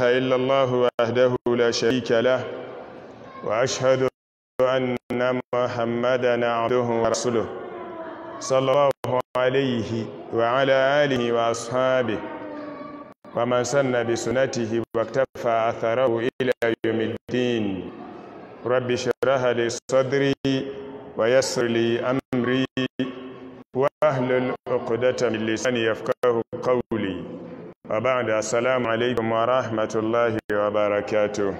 إلا الله وحده لا شريك له وأشهد أن محمدا عبده ورسوله صلى الله عليه وعلى آله وأصحابه ومن سن بسنته واكتفى أثره إلى يوم الدين رب اشرح لي صدري ويسر لي أمري وأهل العقدة من لساني يفقه قولي wa ba'da assalamu alaikum wa rahmatullahi wa barakatuh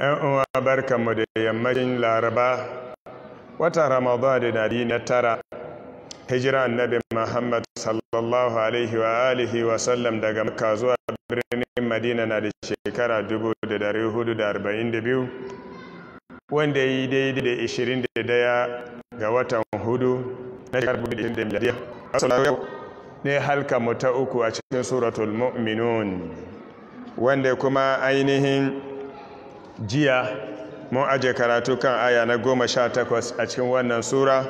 ‘yan uwa barkanmu da yammacin laraba wata ramadan da dari na tara hijira annabi muhammad sallallahu alaihi wa alihi wa sallam daga makka zuwa birnin madina na da shekara 442 wanda yi daidai da 21 ga watan hudu na shekarar 2020 miladiya asala yau ne halka mu ta uku a cikin suratul mu'minun wanda kuma ainihin jiya mun aje karatu kan aya na goma sha takwas a cikin wannan sura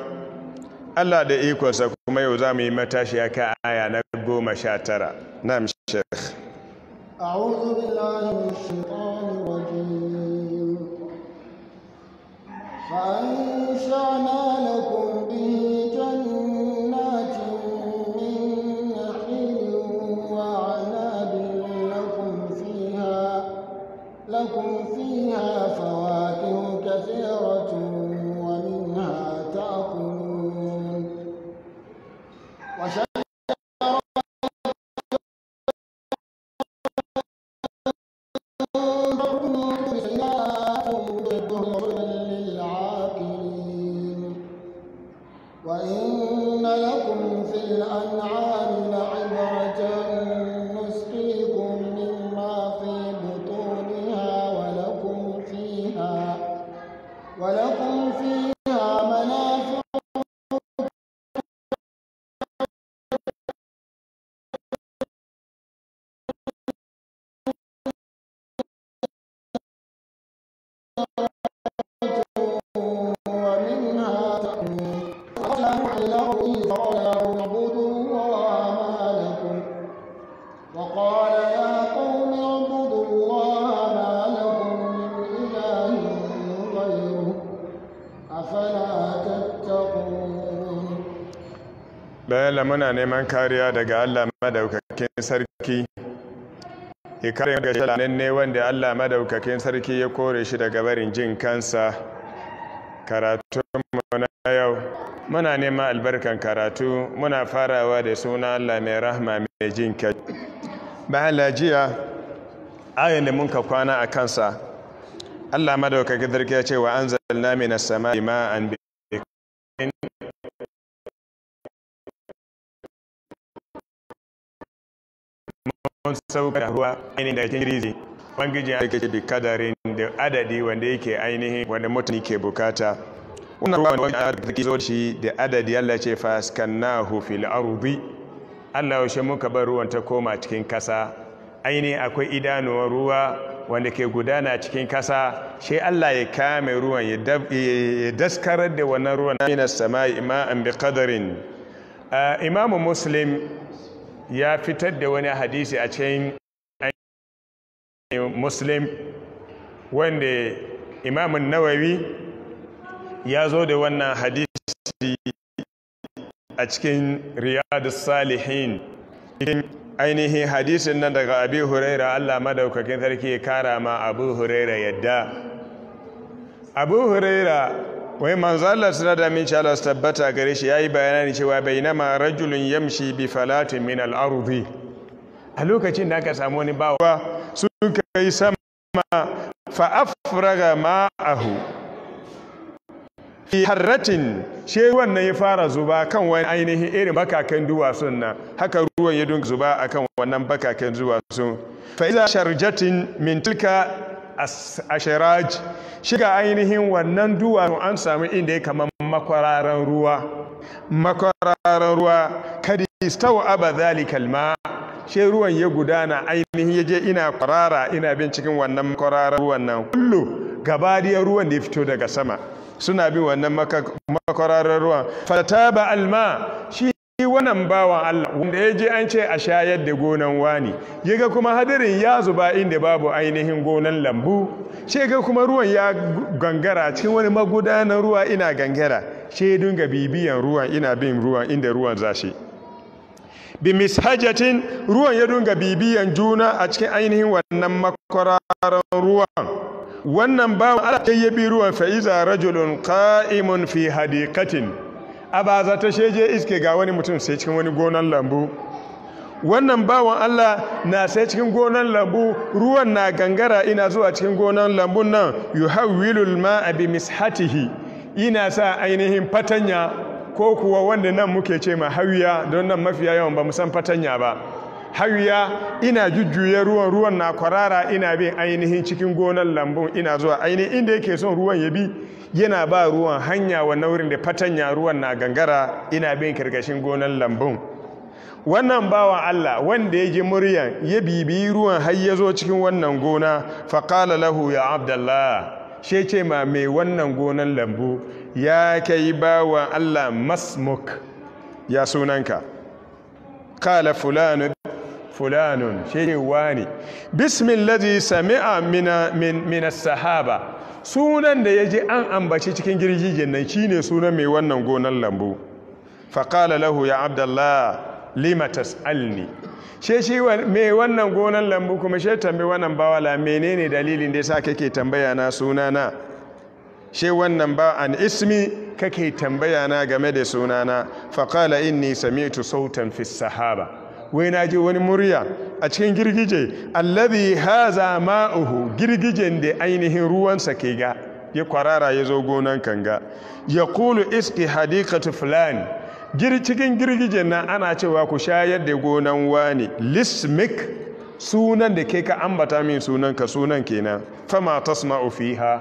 allah da ikonsa kuma yau za mu yi matashiya ka aya na goma sha tara na mishek أعوذ فأنشأنا لكم 东西。Allah muna neman kariya daga Allah madaukakin sarki ya kare ga shalanen ne wanda Allah madaukakin sarki ya kore shi daga barin jin kansa karatunmu na yau muna neman albarkan karatu muna farawa da suna Allah mai rahma mai jin kai ba halajiya ayin da mun ka kwana a kansa Allah madaukakin sarki ya ce wa anzalna minas sama'i ma'an bi mun saukar ruwa ainihin da cikin rizi ubangiji ya aikace bi kadarin da adadi wanda yake ainihin wanda mutum ke bukata wannan ruwa wanda ya ke zo shi da adadi Allah ce faskannahu fil ardi Allah yaushe muka bar ruwan ta koma cikin kasa ainihin akwai idanuwa ruwa wanda ke gudana cikin kasa shi Allah ya kame ruwan ya daskarar da wannan ruwan na sama'i ma'an bi qadarin ah, imamu muslim ya fitar da wani hadisi a cikin muslim wanda imamun nawawi ya zo da wannan hadisi a cikin riyadu salihin ainihin hadisin nan daga Abu huraira allah madaukakin sarki kara ma abu huraira yadda abu huraira wai manzo Allah suna da min Allah su tabbata gare shi ya yayi bayani cewa bainama rajulun yamshi bi falatin min al a lokacin da aka samu wani bawa suka kai sama fa afraga ma'ahu fi harratin she wannan ya fara zuba kan wani ainihin irin bakakan duwatsun nan haka ruwan ya dunka zuba akan wannan bakaken duwatsun fa iza sharjatin min tilka ashiraj shiga ainihin wannan duwatsu an samu inda ya kama makwararan ruwa makwararan ruwa kadi stawa aba zalikal ma she ruwan ya gudana ainihin ya je ina kwarara ina bin cikin wannan makwararan ruwan nan kullu gabadiyar ruwan da ya fito daga sama suna bin wannan makwararan ruwan ba, alma shi shi wannan bawan Allah wanda ya je an ce a shayar da gonan wani ya ga kuma hadirin ya zuba inda babu ainihin gonan lambu shi ga kuma ruwan ya gangara cikin wani magudanar ruwa ina gangara ce dinga bibiyan ruwan ina bin ruwan inda ruwan zashi bi mishajatin ruwan ya dinga bibiyan juna a cikin ainihin wannan makwararan ruwan wannan bawan Allah ya bi ruwan fa'iza rajulun qa'imun fi hadikatin a ba zata sheje iske ga wani mutum sai cikin wani gonan lambu wannan bawan Allah na sai cikin gonan lambu ruwan na gangara ina zuwa cikin gonan lambun nan yuhawilul ma'a bi mishatihi ina sa ainihin fatanya ko kuwa wanda nan muke ce ma hawiya don nan mafiya yawan ba mu san fatanya ba hawiya ina jujjuye ruwan ruwan na kwarara ina bin ainihin cikin gonan lambun ina zuwa ainihin inda yake son ruwan ya bi yana ba ruwan hanya wa na'urin da fatanya ruwan na gangara ina bin kirgashin gonan lambun wannan bawan Allah wanda ya ji muryan ya bibi ruwan har ya zo cikin wannan gona faƙala lahu ya abdallah she ce ma mai wannan gonan lambu ya kai bawan Allah masmuk ya sunanka kala fulani fulanun shi wani bismin lazi sami'a mina sahaba sunan da ya an ambaci cikin girgijin nan shine sunan mai wannan gonan lambu qala lahu ya abdallah lima tas'alni she shi mai wannan gonan lambu kuma she tambe wannan la menene dalilin da yasa kake tambaya na sunana she wannan ba an ismi kake tambaya na game da sunana qala inni sami'tu sautan fi sahaba wai na ji wani murya a cikin girgije Allabi haza ma'uhu girgijen da ainihin ruwansa ke ga ya kwarara ya zo gonan kanga ya kulu iski hadikatu fulani cikin girgijen nan ana cewa ku shayar da gonan wani lismik sunan da ke ka ambata min sunan ka sunan kenan fama tasma'u ma'ufi ha.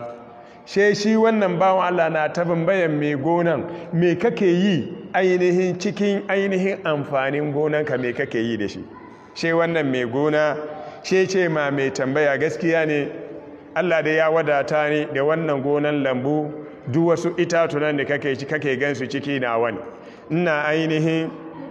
shi wannan bawan Allah na ta bayan mai gonan me kake yi ainihin cikin ainihin amfanin gonanka me kake yi da shi she wannan mai gona she ce ma mai tambaya gaskiya ne Allah da ya wadata ne, da wannan gonan lambu duk wasu itatunan da kake gan gansu ciki na wani ina ainihin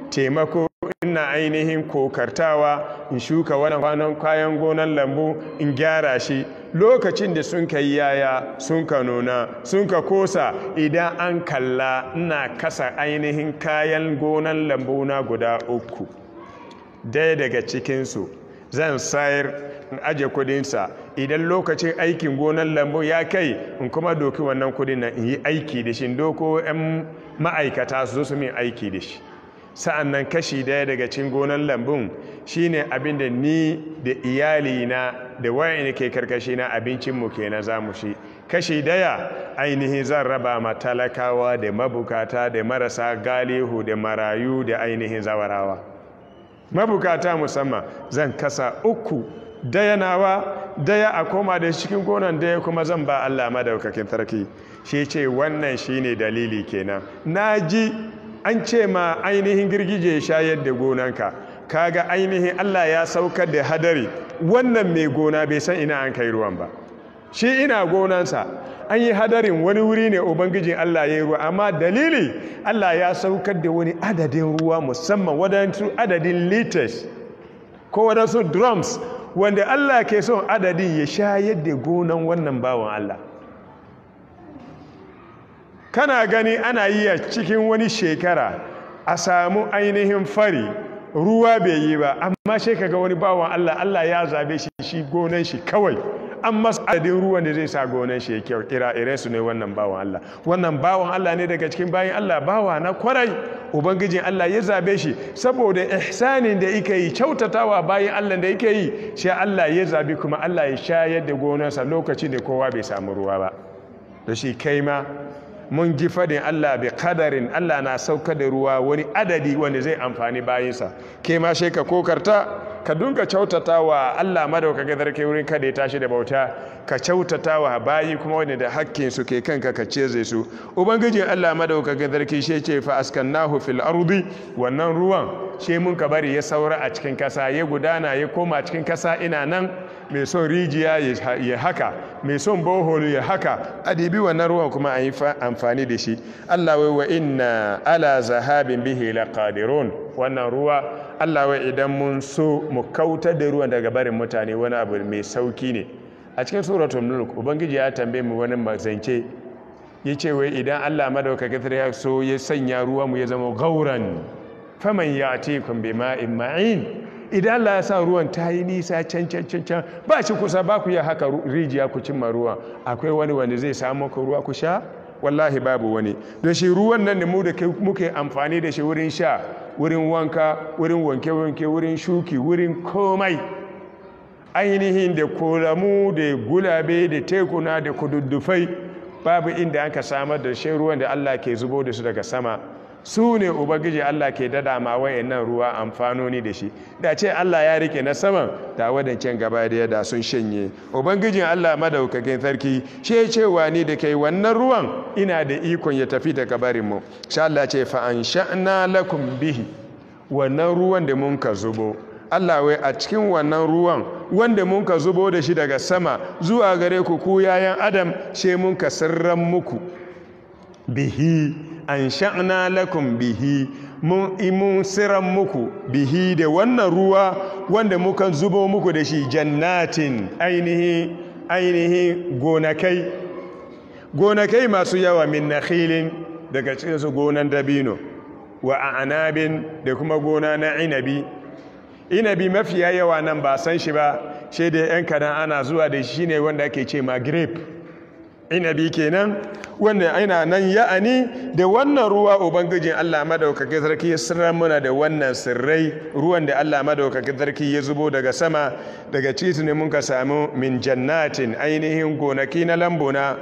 taimako ina ainihin kokartawa in shuka wani kayan gonan lambu in gyara shi lokacin da sun ka yaya sun ka nuna sun ka kosa idan an kalla ina kasa ainihin kayan gonan lambu na guda uku daya daga cikinsu zan sayar in aje kudinsa idan lokacin aikin gonan lambu ya kai in kuma doki wannan kudin na in yi aiki da shi doko 'yan ma'aikata su zo su min aiki da shi sa'annan kashi daya daga cin gonan lambun shi ne abin da ni da iyali na da wayanda ke karkashi na abincin mu na zamu shi kashi daya ainihin zan raba ma talakawa da mabukata da marasa galihu da marayu da ainihin zawarawa mabukata musamman zan kasa uku daya nawa daya a koma da cikin gonan daya kuma zan ba Allah madaukakin tarki, shi ce wannan shi ne dalili kenan Na ji. an ce ma ainihin girgije shayar da gonanka kaga ainihin Allah ya saukar da hadari wannan mai gona bai san ina an kai ruwan ba shi ina gonansa an yi hadarin wani wuri ne ubangijin Allah ya yi ruwa amma dalili Allah ya saukar da wani adadin ruwa musamman wadansu adadin liters ko wadansu drums wanda Allah ke son adadin ya shayar da gonan wannan bawan Allah kana gani ana yi a cikin wani shekara a samu ainihin fari ruwa bai yi ba amma sai wani bawan Allah Allah ya zabe shi shi gonan shi kawai an adadin ruwan da zai sa gonan shi ya kyau ire su ne wannan bawan Allah wannan bawan Allah ne daga cikin bayan Allah bawa na kwarai ubangijin Allah ya zabe shi saboda ihsanin da yake yi kyautatawa bayan Allah da yake yi sai Allah ya zabi kuma Allah ya shayar da gonarsa lokacin da kowa bai samu ruwa ba da shi kai ma mun ji fadin Allah bi kadarin Allah na sauka da ruwa wani adadi wanda zai amfani bayinsa. ke ma ka kokarta ka dunka kyautata wa Allah ga zarke wurin kada ya tashi da bauta ka kyautata wa bayi kuma wanda da hakkin su ke kanka ka ce zai su ubangiji Allah madauka ga zarke shi ce fa askannahu fil ardi wannan ruwan shi mun ka bari ya saura a cikin kasa ya gudana ya koma cikin kasa ina nan mai son rijiya ya haka mai son boholu ya haka a dibi wannan ruwan kuma a yi amfani da shi Allah wa inna ala zahabin la kadiron wannan ruwa Allah wai idan mun so mu kautar da ruwan daga barin mutane wani abu mai sauki ne a cikin suratun mulk ubangiji ya tambe mu wani mazance Ya ce wai idan Allah madauka sarki ya so ya sanya ruwa mu ya zama gauran faman ya'tikum bima'in ma'in idan Allah ya sa ruwan ta yi nisa can can can can ba shi kusa ba ku yi haka rijiya ku cimma ruwa akwai wani wani zai samu ku ruwa ku sha wallahi babu wani da shi ruwan nan da mu da muke amfani da shi wurin sha wurin wanka wurin wanke-wanke wurin shuki wurin komai ainihin da kolamu da gulabe da tekuna da kududdufai babu inda aka samar da shi ruwan da Allah ke zubo da su daga sama su ne ubangiji Allah ke dada ma wayannan ruwa amfanoni da shi da ce Allah ya rike na saman da wadancan gaba da da sun shanye ubangijin Allah madaukakin sarki ce cewa ni da kai wannan ruwan ina da ikon ya tafi daga barin mu sha Allah ce fa ansha'na lakum bihi wannan ruwan da mun ka zubo Allah wai a cikin wannan ruwan wanda mun ka zubo da shi daga sama zuwa gare ku ku yayan adam she mun ka sirran muku bihi an sha'ana lakun bihi mun imun siran muku bihi da wannan ruwa wanda muka zubo muku da shi jannatin ainihi ainihi gonakai gonakai masu yawa min nakhilin daga cikin su gonan dabino wa anabin da kuma gona na inabi inabi mafiya yawa nan ba san shi ba shi da yan kadan ana zuwa da shi ne wanda ake ce ma grape inabi kenan wannan aina nan ya'ani da wannan ruwa ubangijin Allah madaukakin sarki ya muna da wannan sirrai ruwan da Allah madaukakin sarki ya zubo daga sama daga titi ne mun ka samu min jannatin ainihin gonaki na lambuna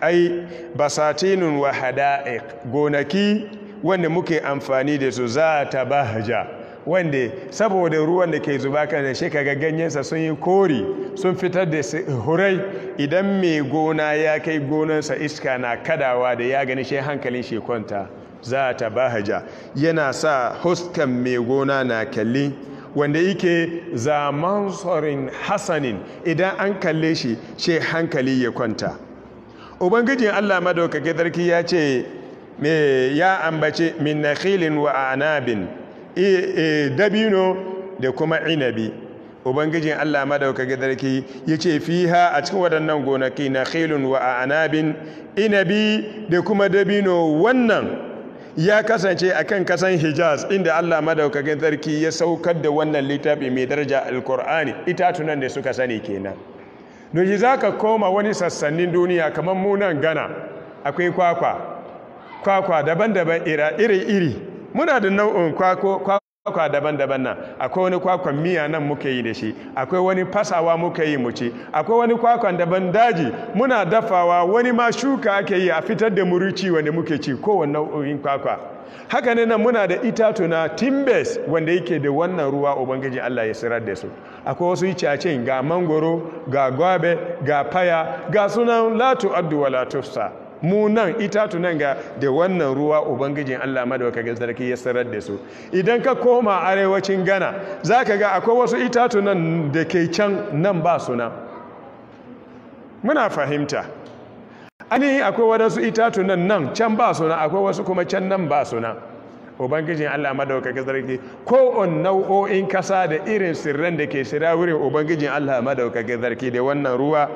ai basatinun wa hada'iq gonaki wanda muke amfani da su za ta bahaja wanda saboda ruwan da ke zuba kan da shi kaga ganyensa sun yi kori sun fitar da hurai idan mai gona ya kai gonansa iska na kadawa da ya gani shi hankalin shi kwanta za ta bahaja yana sa huskan mai gona na kalli wanda yake tsorin hasanin idan an kalle shi shi hankali ya kwanta ubangijin allah madaukake Darki ya ce ya ambace min nakhilin wa anabin E, dabino da kuma inabi ubangijin Allah madaukake darki yace fiha a cikin waɗannan gonaki na khilun wa anabin inabi da kuma dabino wannan ya kasance akan kasan Hijaz inda Allah madaukakin darki ya saukar da wannan littafi mai daraja alkur'ani tunan da suka sani kenan doji zaka koma wani sassanin duniya kamar munan gana. akwai kwakwa kwakwa daban-daban iri-iri muna da nau'in kwakwa kwakwa daban-daban nan akwai wani kwakwan miya nan muka yi da shi akwai wani fasawa muka yi muci akwai wani kwakwan daban daji muna dafawa wani ma shuka ake yi a fitar da murici wani muke ci kowane nau'in kwakwa haka ne nan muna da itatuna timbes wanda yake da wannan ruwa ubangiji Allah ya sirar da su akwai wasu itace ga mangoro ga gwabe ga faya ga sunan latu addu wa mu nan itatu nan ga da wannan ruwa ubangijin Allah waka sarki ya sarar da su idan ka koma arewacin gana za ka ga akwai wasu itatu nan da ke can nan ba suna muna fahimta ani akwai wadansu itatu nan nan can ba suna akwai wasu kuma can nan ba suna ubangijin Allah waka sarki ko on nau'o'in kasa da irin sirran da ke shira wurin ubangijin Allah waka sarki da wannan ruwa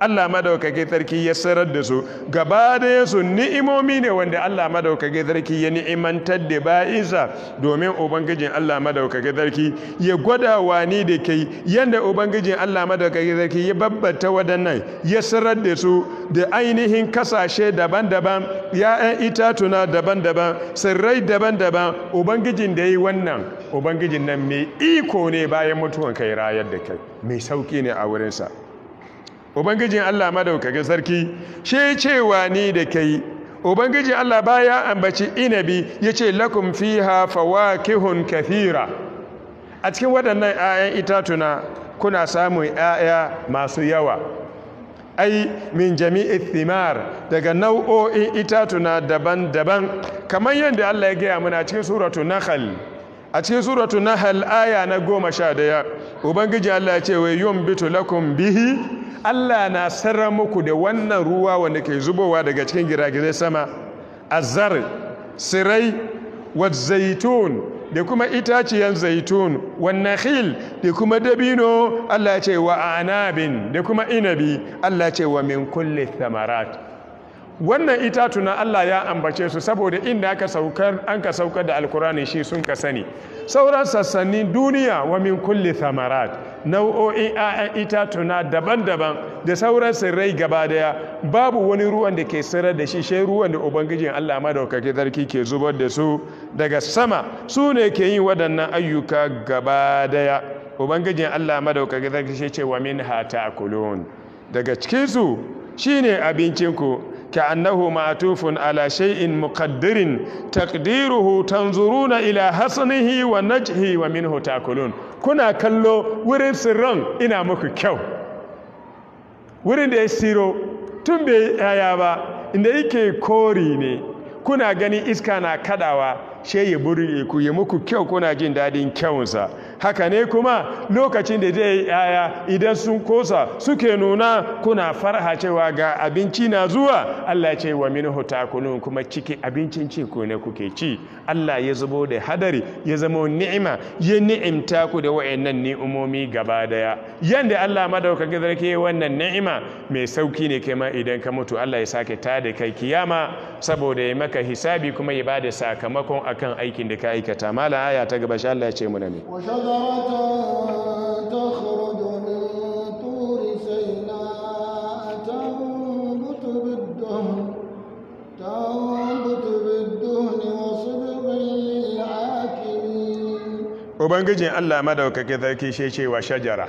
Allah madaukake sarki ya sarar da su gaba da su ni'imomi ne wanda Allah madaukake sarki ya ni'imantar da ba'isa domin ubangijin Allah madaukake sarki ya gwada wani da kai yanda ubangijin Allah madaukake sarki ya babbata wadannan ya sarar da su da ainihin kasashe daban-daban ya'yan itatuna daban-daban sirrai daban-daban ubangijin da yi wannan ubangijin nan mai iko ne bayan mutuwan kai rayar da kai mai sauki ne a wurinsa ubangijin Allah madaukakin sarki shi cewa ni da kai ubangijin Allah baya ambaci inabi yace lakum fiha fawakihun kathira a cikin waɗannan 'ya'yan itatuna kuna samun 'ya'ya masu yawa ai min jami'i thimar daga nau'o'in itatuna daban-daban kamar yadda Allah ya gaya muna cikin suratu nahl a cikin suratu na hal'aya na goma sha daya ubangiji allah ce wai yun bitu lakun bihi allah na sarra muku da wannan ruwa wanda ke zubowa daga cikin giragizai sama azar sirai wa zaitun da kuma itaciyan zaitun wannan hil? da kuma dabino allah ce wa anabin da kuma inabi allah ce wa min kulli thamarat wannan itatuna Allah ya ambace su saboda inda aka saukar an ka saukar da alkurani shi sun ka sani sauran sassanin duniya wa min kulli thamarat nau'o'in 'ya'yan itatuna daban-daban da sauran sirrai gaba daya babu wani ruwan da ke sira da shi shi ruwan da ubangijin Allah madaukake sarki ke zubar da su daga sama su ne ke yin waɗannan ayyuka gaba daya ubangijin Allah ke zarki shi ce wa min hata kulun daga cikinsu shine abincinku Ki annahu ma'a ala shai in mukaddirin takdiruhu tonzuruna ila hasanihi wa nacihi wa minhu takulun. Kuna kallo wurin sirrin ina muku kyau? Wurin da ya siro tun bai yaya ba, inda yake kori ne. Kuna ganin iska na kaɗawa? Sai ya ɓuri ku yi muku kyau kuna jin daɗin kyau haka ne kuma lokacin da zai yaya idan sun kosa suke nuna kuna farha cewa ga abinci na zuwa Allah ce wa minhu takulun kuma ciki abincin ci ko ne kuke ci Allah ya zubo da hadari ya zama ni'ima ya ni'imta ku da wayannan ni'umomi gaba daya yanda Allah madaukakin sarki wannan ni'ima mai sauki ne kai idan ka mutu Allah ya sake ta da kai kiyama saboda ya maka hisabi kuma ya bada sakamakon akan aikin da ka aikata mala aya ta gaba sha Allah ya ce mu na ne Ubangijin Allah madaukake zarki shi cewa shajara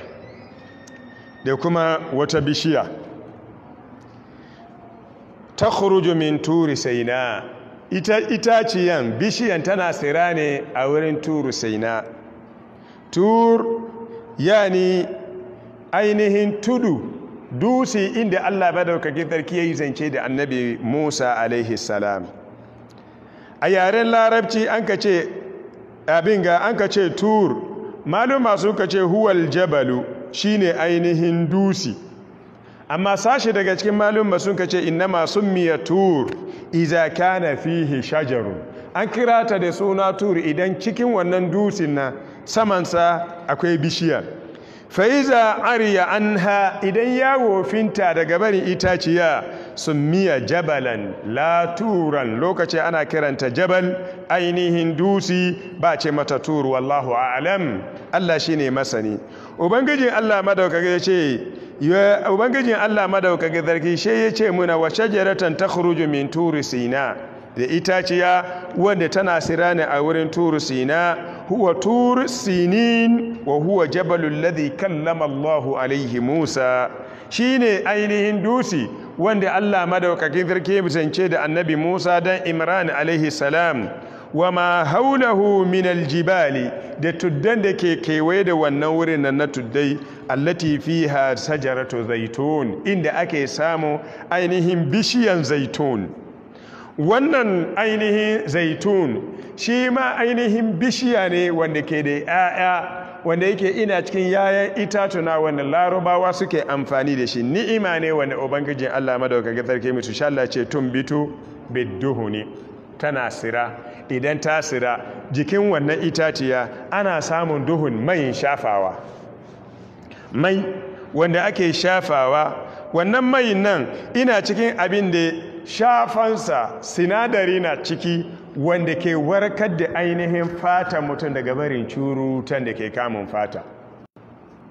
da kuma wata bishiya ta min turi saina ita itaciyan bishiyan tana tsira ne a wurin turu saina tur yani ainihin tudu dusi inda Allah ba dauka sarki ya yi zance da annabi Musa alaihi salam a yaren larabci an ka ce abin ga an ka ce tur maluma sun ka ce huwal jabalu shine ainihin dusi amma sashi daga cikin maluma sun ka ce masu summiya tur iza kana fihi shajaru an kira ta da suna tur idan cikin wannan dusin na samansa akwai bishiya fa'iza ariya anha idan ya finta daga barin itaciya sun miya jabalan laturan lokaci ana kiranta jabal ainihin dusi ba ce mata turu wallahu a'lam Allah ne masani ubangijin Allah madaukake ya ce ubangijin Allah zarki shi ya ce muna wa shajaratan takhruju min turu sina da itaciya wanda tana ne a wurin turu sina huwa turu sinin wa huwa jabalul ladhi kallama Allahu alaihi Musa shine ainihin dusi wanda Allah madaukakin sarki ya bisance da annabi Musa dan Imran alaihi salam wa ma haulahu min aljibali da tuddan da ke kewaye da wannan wurin nan na tuddai allati fiha sajaratu zaitun inda ake samu ainihin bishiyan zaitun wannan ainihin zaitun shi ma ainihin bishiya ne wanda ke da 'ya'ya wanda yake ina cikin yayan itatuna wanda larabawa suke amfani da shi ni'ima ne wanda ubangijin Allah madaukakin sarki mutu sha Allah ce tumbitu bidduhuni tana sira idan ta sira jikin wannan itatiya ana samun duhun mai shafawa mai wanda ake shafawa wannan mai nan ina cikin abin da shafansa sinadari na ciki wanda ke warkar da ainihin fata mutum daga barin curutan da ke kamun fata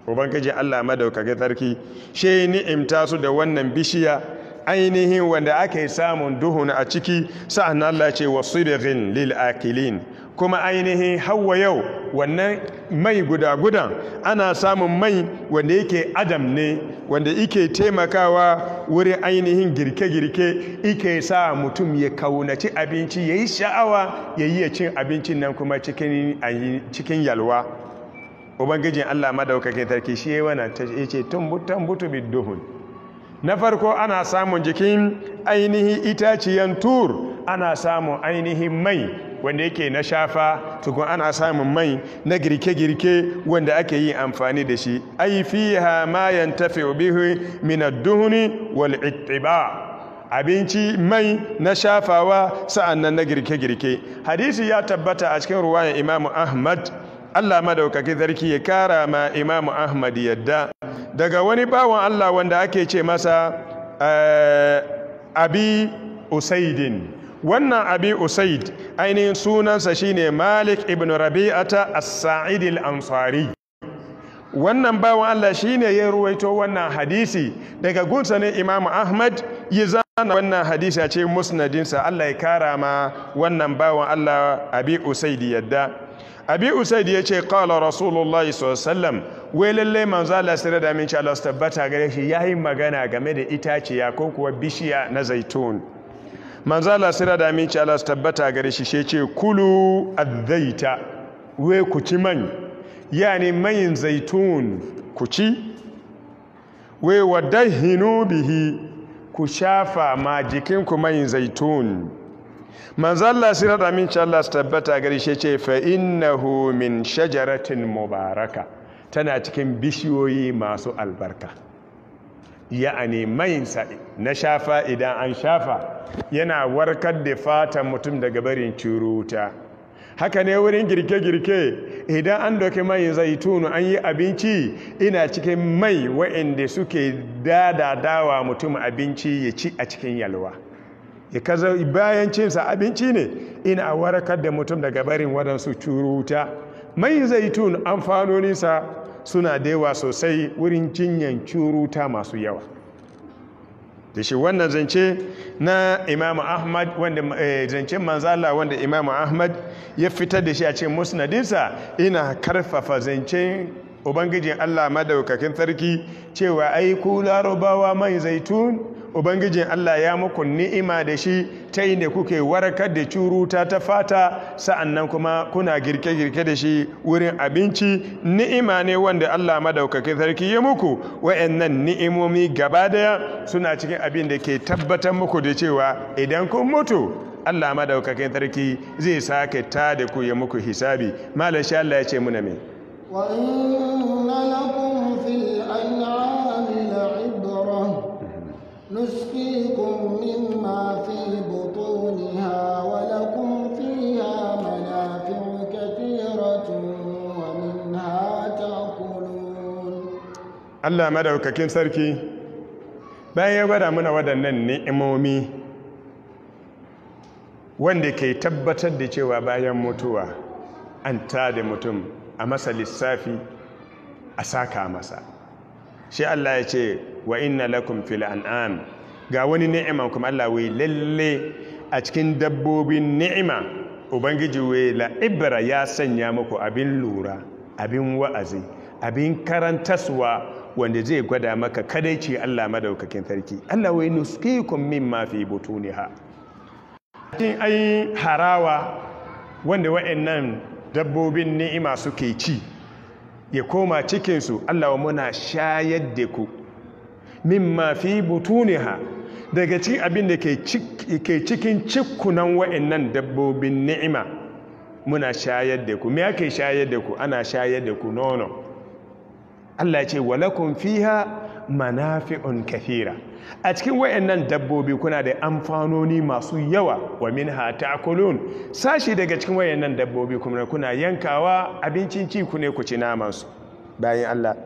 ubangiji allah madaukake sarki she ni'imta su da wannan bishiya ainihin wanda ake samun duhun a ciki sa'an allah ce wasu lil akilin kuma ainihin hawa yau wannan mai guda-gudan ana samun mai wanda yake adam ne wanda yake taimakawa wurin ainihin girke-girke yake sa mutum ya kaunaci abinci ya yi sha'awa ya yi cin abincin nan kuma cikin yalwa ubangijin allah madaukakin tarki shi ya wana ta ce bi duhun. na farko ana samun jikin ainihin itaciyan tur ana samun ainihin mai wanda yake na shafa tukun ana samun mai na girke-girke wanda ake yi amfani da shi ai fiha ma yantafi bihi min ad-duhni abinci mai na shafawa sa'annan na girke-girke hadisi ya tabbata a cikin ruwayan imamu ahmad Allah madaukaki zarki ya kara ma imamu ahmad yadda daga wani bawan Allah wanda ake ce masa eh, abi usaidin wannan abi usaid ainihin sunansa shine malik ibn rabi'ata as-sa'id al-ansari wannan bawan Allah shine ya ruwaito wannan hadisi daga gunsa ne imamu ahmad yi zana wannan hadisi a cikin musnadinsa Allah ya kara ma wannan bawan Allah abi usaid yadda abi usaid ya ce qala rasulullahi sallallahu wai lalle manzo Allah sai da Allah tabbata gare shi yayi magana game da itaciya ko kuwa bishiya na zaitun Manza sira da aminci Allah su tabbata gare shi shi ce kulu adzaita we ku ci man yani mayin zaitun ku ci we wadahinu bihi ku shafa ma jikinku mayin zaitun Manza sira da aminci Allah su tabbata gare shi ce fa innahu min shajaratin mubaraka tana cikin bishiyoyi masu albarka ya'ani mai sa'i na shafa idan an shafa yana warkar da fatan mutum daga barin curuta haka ne wurin girke-girke idan an doki mai tunu an yi abinci ina cikin mai wa'inda suke dadadawa mutum abinci ya ci a cikin yalwa bayan cinsa abinci ne ina warkar da mutum daga barin waɗansu curuta mai zaitun amfanoninsa suna da yawa sosai wurin jinyan curuta masu yawa da shi wannan zance na imamu ahmad wanda eh, zancen manzala wanda imamu ahmad ya fitar da shi a cikin musnadinsa ina karfafa zancen ubangijin allah madaukakin sarki cewa ai ku larabawa mai zaitun ubangijin Allah ya muku ni'ima da shi ta inda kuke warkar da curuta ta fata sa'annan kuma kuna girke-girke da shi wurin abinci ni'ima ne wanda Allah madaukake sarki ya muku wa'annan ni'imomi gaba daya suna cikin abin da ke tabbatar muku da cewa idan kun mutu Allah madaukake sarki zai sake ta da ku ya muku hisabi malam Allah ya ce muna me نسقيكم مما في بطونها ولكم فيها منافع كثيرة ومنها تأكلون الله مدعوككين سركي bayan ya gwada mana waɗannan ni'imomi wanda ke tabbatar da cewa bayan mutuwa an tada mutum a masa lissafi a saka masa shi Allah ya ce wa inna lakum fil an'am ga wani ni'ima kuma Allah wai lalle a cikin dabbobin ni'ima ubangiji wai la ibra ya sanya muku abin lura abin wa'azi abin karantaswa wanda zai gwada maka ce Allah madaukakin sarki Allah wai nuskikum mimma fi butuniha cikin ai harawa wanda wa'annan dabbobin ni'ima suke ci ya koma cikinsu Allah wa muna shayar da ku Min ma fi ha, daga cikin abin da ke cikin cikkunan wa'annan dabbobin ni'ima muna shayar da ku me ake shayar da ku ana shayar da ku nono Allah ya ce walakun fiha manafi'un kathira a cikin wayannan dabbobi kuna da amfanoni masu yawa wa minha ta'kulun sashi daga cikin wayannan dabbobi kuma kuna yankawa abincin ci kune ne ku ci naman su bayan Allah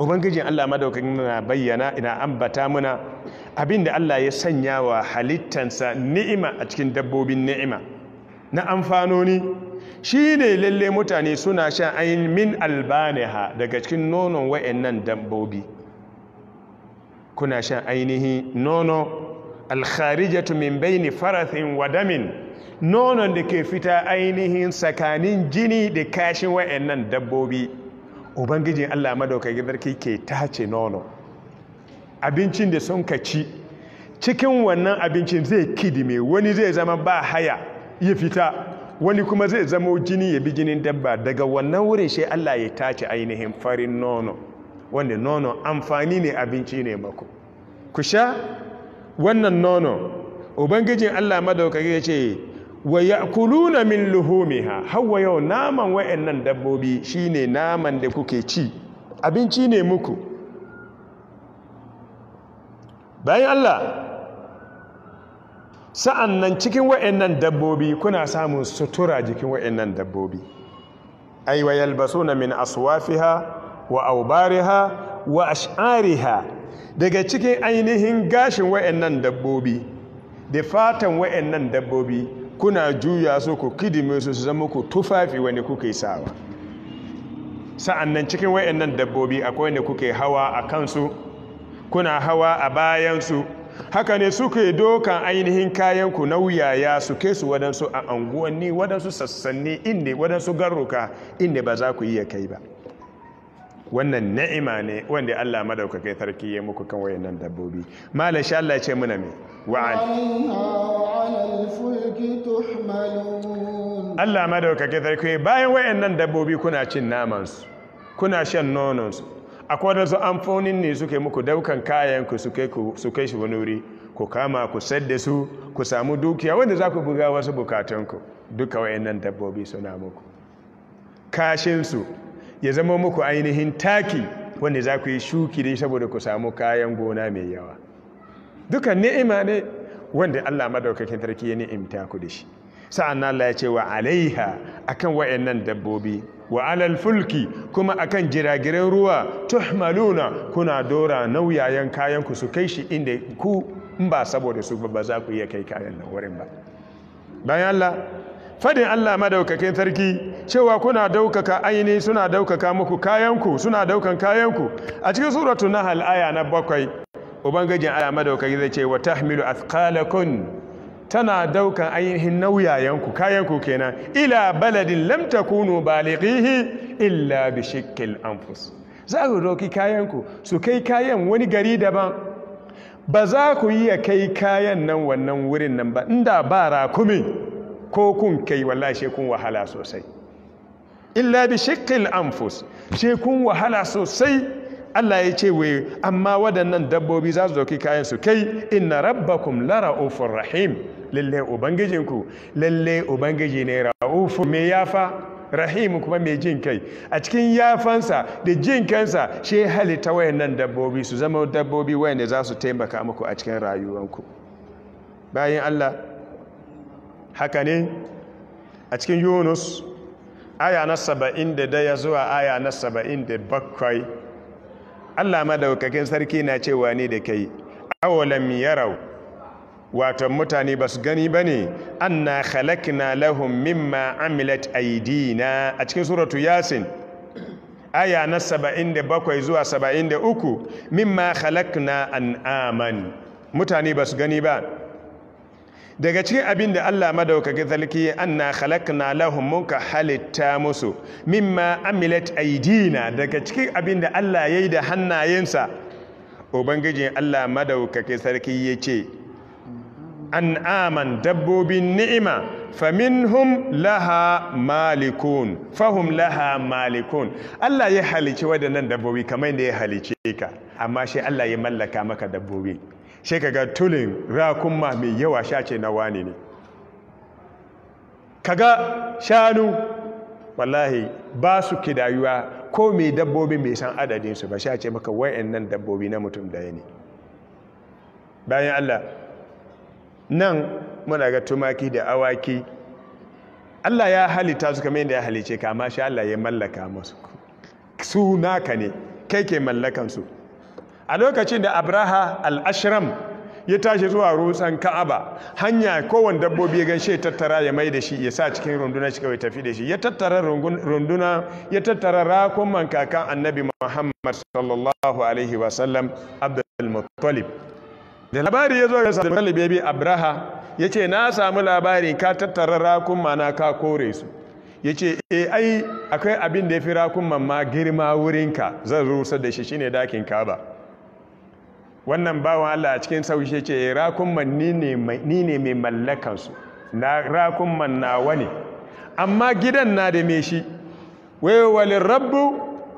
ubangijin Allah madaukakin na bayyana ina ambata muna abinda Allah ya sanya wa halittansa ni'ima a cikin dabbobin ni'ima na amfanoni shi ne lalle mutane suna shan ainihin min albaniha daga cikin nonon wa'annan dambobi kuna shan ainihin nono alkharijatu min baini farathin wadamin wadamin. nonon da ke fita ainihin tsakanin jini da kashin wa'annan dabbobi ubangijin allah madauka sarki ke tace nono abincin da sun ka ci cikin wannan abincin zai kidime wani zai zama ba haya ya fita wani kuma zai zamo jini ya bi jinin dabba daga wannan wuri shi Allah ya tace ainihin farin nono wanda nono amfani ne abinci ne mako ku sha wannan nono ubangijin Allah madaukaki ya ce wa ya'kuluna min luhumiha hawa yau naman wayannan dabbobi shine naman da kuke ci abinci ne muku bayan Allah sa'an nan cikin nan dabbobi kuna samun sutura jikin nan dabbobi ai wa na min aswafiha wa aubariha wa ash'ariha daga cikin ainihin gashin nan dabbobi da fatan nan dabbobi kuna juya su ku kidime su su zama ku tufafi wani kuke sawa sa'an nan cikin nan dabbobi akwai wanda kuke hawa a kansu kuna hawa a bayansu haka ne suke dokan ainihin kayanku na wuyaya su ke su waɗansu a anguwanni waɗansu sassanni inda waɗansu garruka inda ba za ku iya kai ba wannan na'ima ne wanda Allah kai sarki ya muku kan wayannan dabbobi malam sha Allah ce muna mai wa'an Allah kai sarki bayan wayannan dabbobi kuna cin namansu kuna shan nononsu akwai wadansu amfonin ne suke muku daukan kayan ku su kai shi wani wuri ku kama ku sadda su ku samu dukiya wanda za ku buga wasu bukatunku duka wayannan dabbobi suna muku kashinsu ya zama muku ainihin taki wanda za ku yi shuki dai saboda ku samu kayan gona mai yawa duka ni'ima ne wanda Allah madaukakin tarki ya ni'imta ku da shi sa'an Allah ya ce wa alaiha akan wayannan dabbobi wa alal fulki kuma akan jiragiren ruwa tuhmaluna kuna dora nauyayen kayan ku su kai shi inda ku in ba saboda su ba za ku iya kai kayan nan wurin ba bayan Allah fadin Allah madaukakin sarki cewa kuna daukaka aini suna daukaka muku ku, suna daukan ku a cikin suratul nahl aya na bakwai ubangijin Allah madaukaki zai ce wa tahmilu athqalakum tana daukan ainihin nauyayenku kayanku kenan ila baladin lam takunu balighihi illa bi shikkil anfus za ku doki kayanku su kai kayan wani gari daban ba za ku iya kai kayan nan wannan wurin nan ba inda ba rakumi ko kun kai wallahi she kun wahala sosai illa bi shikkil anfus she kun wahala sosai Allah ya ce wai amma waɗannan dabbobi za su dauki kayan su kai inna rabbakum la ra'ufur rahim lalle ubangijinku lalle ubangiji ne ra'ufu me yafa rahim kuma mai jin kai a cikin yafansa da jin kansa shi halitta wayannan dabbobi su zama dabbobi wayanda za su taimaka muku a cikin rayuwanku bayan Allah haka ne a cikin Yunus aya na 71 zuwa aya na 77 Allah madaukakin sarki na cewa ne da kai awalam yarau wato mutane ba su gani ba ne anna khalakna lahum mimma amilat aidina a cikin suratu yasin aya na 77 zuwa 73 mimma khalakna aman. mutane ba su gani ba daga cikin abin da Allah madaukakin sarki anna khalaqna lahum muka halitta musu mimma amilat aidina daga cikin abin da Allah yayi da hannayensa ubangijin Allah madaukakin sarki yace aman dabbobin ni'ima faminhum laha malikun fahum laha malikun Allah ya halici waɗannan dabbobi kamar da ya halice ka amma shi Allah ya mallaka maka dabbobi sai ka ga tulin rakunma mai yawa shace na wani ne kaga shanu wallahi ba su kidayuwa ko mai dabbobi mai san adadinsu ba shace maka nan dabbobi na mutum daya ne bayan allah nan muna ga tumaki da awaki allah ya halitta su kamar yadda ya halice kama shi allah ya mallaka masu su naka ne kai ke mallakansu a lokacin da abraha al ya tashi zuwa rutsan ka'aba hanya kowane dabbobi ya ganshe ya tattara ya mai da shi ya sa cikin runduna shi kawai tafi da shi ya tattara runduna ya tattara man kakan annabi muhammad sallallahu alaihi wasallam mutalib da labari ya zo ga abdulmuttalib ya bi abraha ya ce na samu labari ka tattara rakuma na ka kore su ya ce e ai akwai abin da ya fi man ma girma wurinka zan rusar da shi shine dakin kaba wannan bawan Allah a cikin saushi ce eh, rakunman ni ne mai mallakansu na rakunman na wani amma gidan na da me shi walil rabbu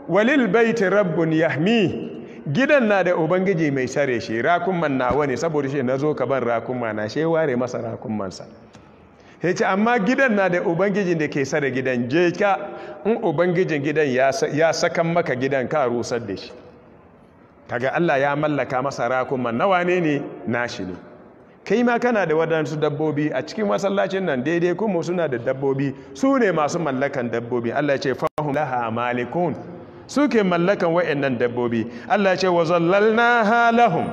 walil baiti rabbun yahmi gidan na da ubangiji mai sare shi rakunman na wani saboda shi na zo ka ban rakunma na shi ware masa rakunmansa ya ce amma gidan na da ubangijin da ke sare gidan je ka in ubangijin gidan ya sakan maka gidan ka rusar da shi kaga Allah ya mallaka masa rakun man nawa ne nashi ne kai ma kana da waɗansu dabbobi a cikin masallacin nan daidai kuma suna da dabbobi su ne masu mallakan dabbobi Allah ce fahum laha malikun suke mallakan wa'annan dabbobi Allah ce wa zallalnaha lahum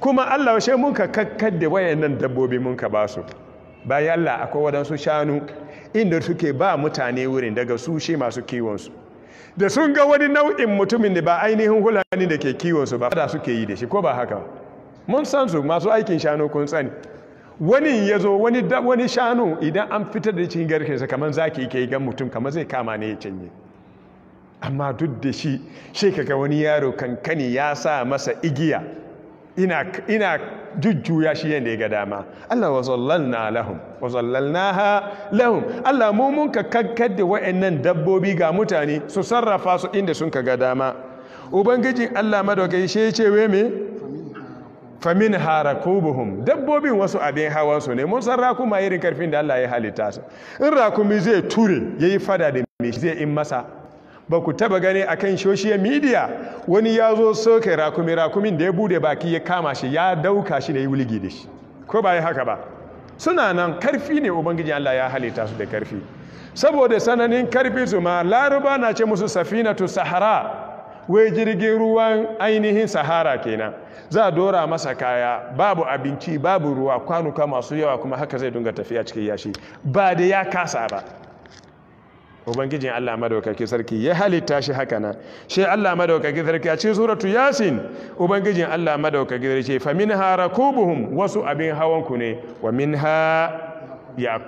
kuma Allah mun ka kakkar da wayannan dabbobi mun ka basu bayan Allah akwai wadansu shanu inda suke ba mutane wurin daga su shi masu su. da sun ga wani nau'in mutumin da ba ainihin hulani da ke kiwonsu ba da suke yi da shi ko ba haka mun san su masu aikin shanu kun tsani wani ya zo wani shanu idan an fitar da cikin sa kamar zaki ke gan mutum kamar zai kama ne ya canye amma duk da shi shi kaga wani yaro kankani ya sa masa igiya ina jujjuya shi yadda ya ga dama Allah wa zallalna lahum lahum Allah mu mun ka kakkar da wayannan dabbobi ga mutane su sarrafa su inda sun ka ga dama ubangijin Allah madaukai shi ce we me famin dabbobin wasu abin hawan su ne mun san rakuma irin karfin da Allah ya halitta su in rakumi zai ture yi fada da mishi zai in masa ba ku taba gani a kan social media wani ya zo soke rakumi rakumin da ya bude baki ya kama shi ya dauka shi da ya wuligi da shi ko ba ya haka ba suna nan karfi ne ubangiji Allah ya halitta su da karfi saboda sananin karfi su ma laruba na ce musu safinatu sahara wai jirgin ruwan ainihin sahara kenan za a dora masa kaya babu abinci babu ruwa kwanuka masu yawa kuma haka zai dunga tafiya cikin yashi ba da ya kasa ba ubangijin Allah madaukakin sarki ya halitta shi haka nan shi Allah madaukakin sarki a cikin suratul yasin ubangijin Allah madaukakin sarki fa minha rakubuhum wasu abin hawan ku ne wa minha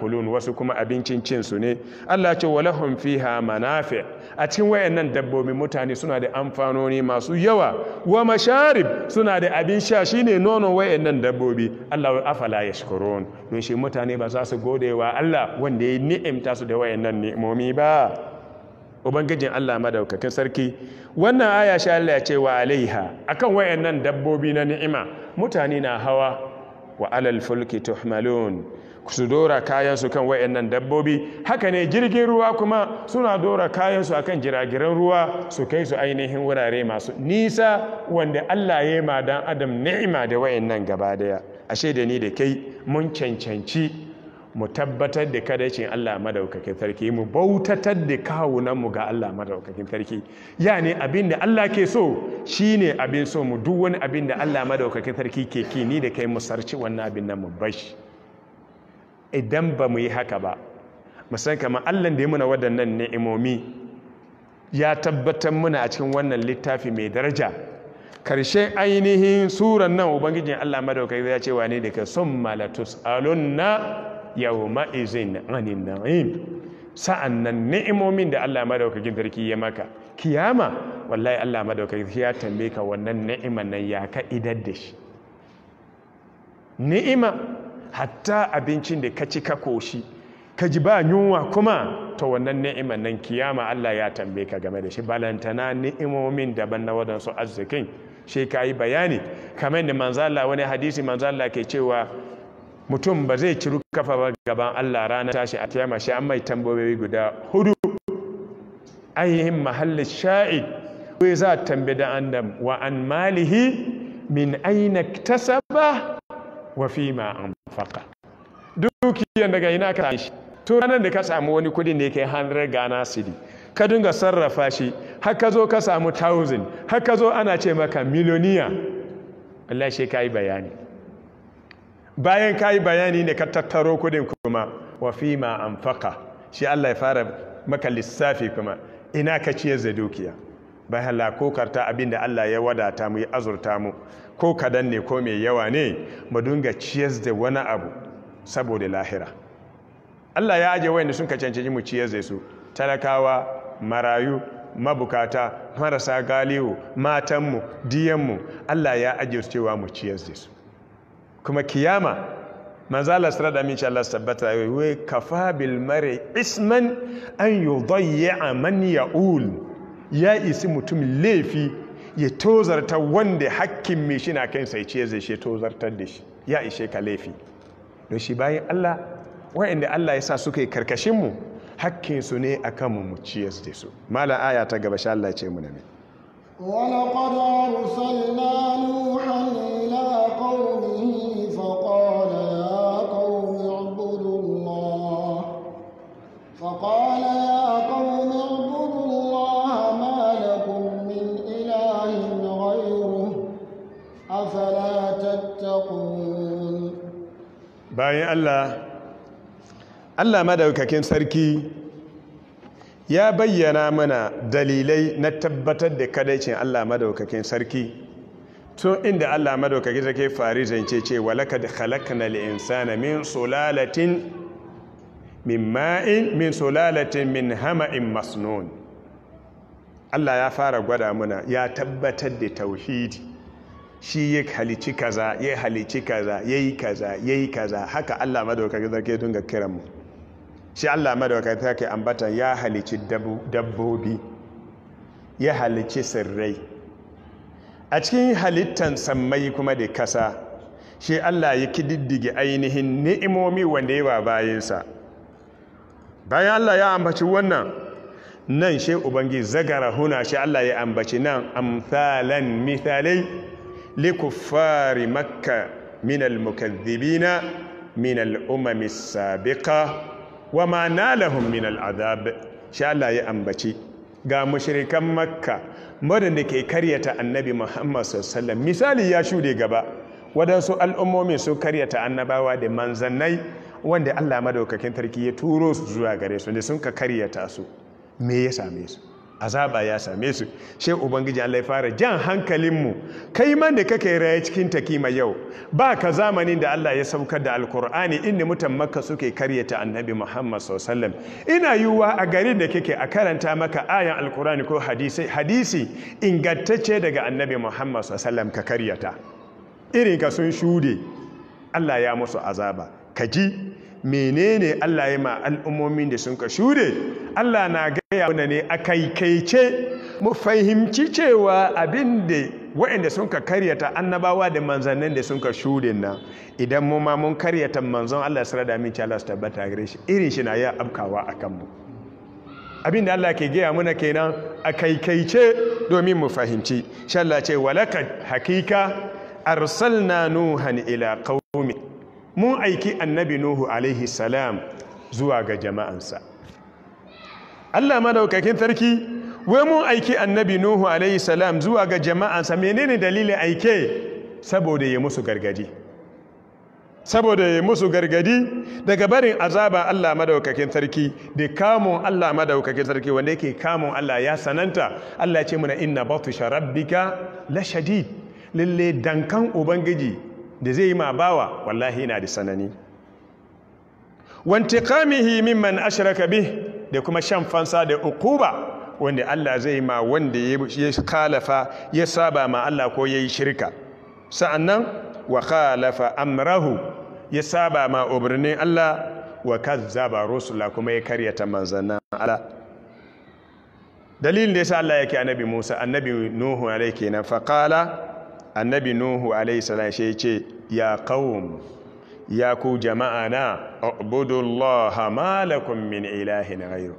kulun wasu kuma abincin cin su ne Allah ce walahum fiha manafi a cikin wayannan dabbobi mutane suna da amfanoni masu yawa wa masharib suna da abin sha shine nono wayannan dabbobi Allah afala yashkurun don shi mutane ba za su gode wa Allah wanda ya ni'imta su da wayannan ni'imomi ba ubangijin Allah madaukakin sarki wannan aya sha Allah ya ce wa alaiha akan wayannan dabbobi na ni'ima mutane na hawa wa alal fulki tuhmalun su dora kayansu kan wayannan dabbobi haka ne jirgin ruwa kuma suna dora kayansu a kan jiragiran ruwa su kai su ainihin wurare masu nisa wanda Allah ya ma dan adam ni'ima da wayannan gaba daya ashe da ni da kai mun cancanci mu tabbatar da kadacin Allah madaukakin sarki mu bautatar da kawunan mu ga Allah madaukakin sarki yani abin da Allah ke so shine abin so mu duk wani abin da Allah madaukakin sarki ke kini da kai mu sarci wannan abin nan mu bashi idan ba mu yi haka ba musamman kamar allan da ya muna waɗannan ni'imomi ya tabbatar muna a cikin wannan littafi mai daraja karshe ainihin suran nan ubangijin allah madaukai ya ce wane da ka sun malatus alunna yau ma'izin anin na'im sa'an nan ni'imomin da allah madaukakin sarki ya maka kiyama wallahi allah madaukakin ya tambaye ka wannan ni'iman nan ya ka idar da shi ni'ima hatta abincin da ka ci ka koshi ka ji ba yunwa kuma ta wannan ni'imar nan kiyama Allah ya tambe ka game da shi balantana ni'imomin daban na wadansu arzikin shi ka yi bayani kamar da manzala wani hadisi manzala ke cewa mutum ba zai ciru kafa ba gaban Allah ranar tashi a kiyama shi an mai tambayoyi guda hudu ainihin mahalli sha'id wai za a tambayi da an wa an malihi min aina tasaba wa fi ma anfaqa dukiyan daga ina ka shi to ranar da ka samu wani kudin da yake 100 Ghana cedi ka dinga sarrafa shi har ka zo ka samu 1000 har zo ana ce maka miliyoniya Allah shi kai bayani bayan kai bayani ne ka tattaro kudin kuma wa fi ma faka shi Allah ya fara maka lissafi kuma ina ka ciyar da dukiya bai halakokarta abin da Allah ya wadata mu ya azurta mu ko kadan ne ko mai yawa ne mu dinga ciyas da wani abu saboda lahira Allah ya aje wayanda sun ka cancanci mu ciyas da su talakawa marayu mabukata marasa galiwu matanmu diyanmu Allah ya aje su cewa mu ciyar da su kuma kiyama manzala sira da min Allah tabbata wai kafa bil mari isman an yudayya man yaul ya isi mutum laifi ya tozarta wanda hakkin mai shi na kansa ya ce zai shi tozartar da shi ya ishe ka laifi don shi bayan Allah wa'inda Allah ya sa suka yi karkashinmu hakkinsu ne a kanmu mu ciyar da su mala aya ta gaba sha Allah ce mu na mai ولقد أرسلنا نوحا na da ya فقال bayan Allah Allah madaukakin sarki ya bayyana mana dalilai na tabbatar da kadaicin Allah madaukakin sarki tun inda Allah madaukakin sarki fari zance ce walakad khalaqnal insana min sulalatin min ma'in min sulalatin min hama'in masnun Allah ya fara gwada muna ya tabbatar da tauhidi shi ya halici kaza ya halici kaza ya yi kaza ya yi kaza haka allah madaukakin zarke dunga kiranmu shi allah ta ke ambata ya halici dabbobi ya halici sirrai a cikin halittan sammai kuma da kasa shi allah ya kididdige ainihin ni'imomi wanda ya wa bayansa bayan allah ya ambaci wannan nan shi ubangi zagara huna shi Allah ya ambaci nan amsalan misalai likuffari makka min almukaththibina min al'umami sabiqa wa ma nalahum min al'adab sha Allah ya ambaci ga mushrikan makka da ke karyata annabi muhammad sallallahu misali ya shuɗe gaba waɗansu al'ummomin su karyata annabawa da manzanai wanda allah madaukakin tarki ya turo su zuwa gare su da sun ka karyata su me ya same su azaba ya same su she ubangiji Allah ya fara jan hankalinmu kai man da kake raye cikin takima yau ba ka zamanin da Allah ya saukar da alkur'ani inda mutan maka suke karyata annabi muhammad sallallahu ina yiwuwa a garin da kake a karanta maka ayan alkur'ani ko hadisi ingantacce daga annabi muhammad sallallahu ka karyata irin ka sun shude Allah ya musu azaba ka ji menene Allah ya ma al'ummomin da sun ka shure Allah na gaya mana ne a kaikaice mu fahimci cewa abin da waɗanda sun ka karyata annabawa da manzannin da sun ka shure na idan mu ma mun karyata manzon Allah su da min Allah su tabbata gare shi irin shi na ya abkawa a kanmu abin da Allah ke gaya mana kenan a kaikaice domin mu fahimci sha Allah ce walakar hakika arsalna nuhan ila qaumi mun aiki annabi nuhu alaihi salam zuwa ga jama'ansa Allah madaukakin sarki wai mun aiki annabi nuhu alaihi salam zuwa ga jama'ansa menene dalilin aike saboda ya musu gargadi saboda ya musu gargadi daga barin azaba Allah madaukakin sarki da kamun Allah madaukakin sarki wanda yake kamun Allah ya sananta Allah ya ce muna inna batu sharabbika la shadid lalle dankan ubangiji da zai yi ma bawa wallahi yana da sanani kamihi mimman ashiraka bi da kuma shan fansa da ukuba wanda Allah zai ma wanda ya kalafa ya saba ma Allah ko ya yi shirka sa'annan wa kalafa amrahu ya saba ma Obirnin Allah wa kazzaba rusula kuma ya karyata manzannin Allah dalilin da ya sa Allah yake annabi Musa annabi Nuhu alaihi kenan faqala annabi nuhu alaihi salam shi ce ya kawun ya ku jama'a na abudullah malakun min ilahi na ghayru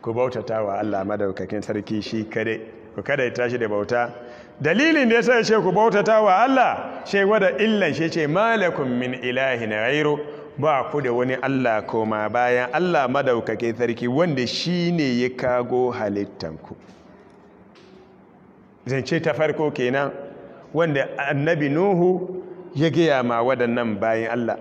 ku bautata wa Allah madaukakin sarki shi kare ku kada ya tashi da bauta dalilin da ya yasa ce ku bautata wa Allah shi wada illan shi ce malakun min ilahi na ghayru ba ku da wani Allah koma bayan Allah madaukakin sarki wanda shi ne ya kago halittanku zance ta farko kenan wanda annabi nuhu ya gaya ma waɗannan bayan Allah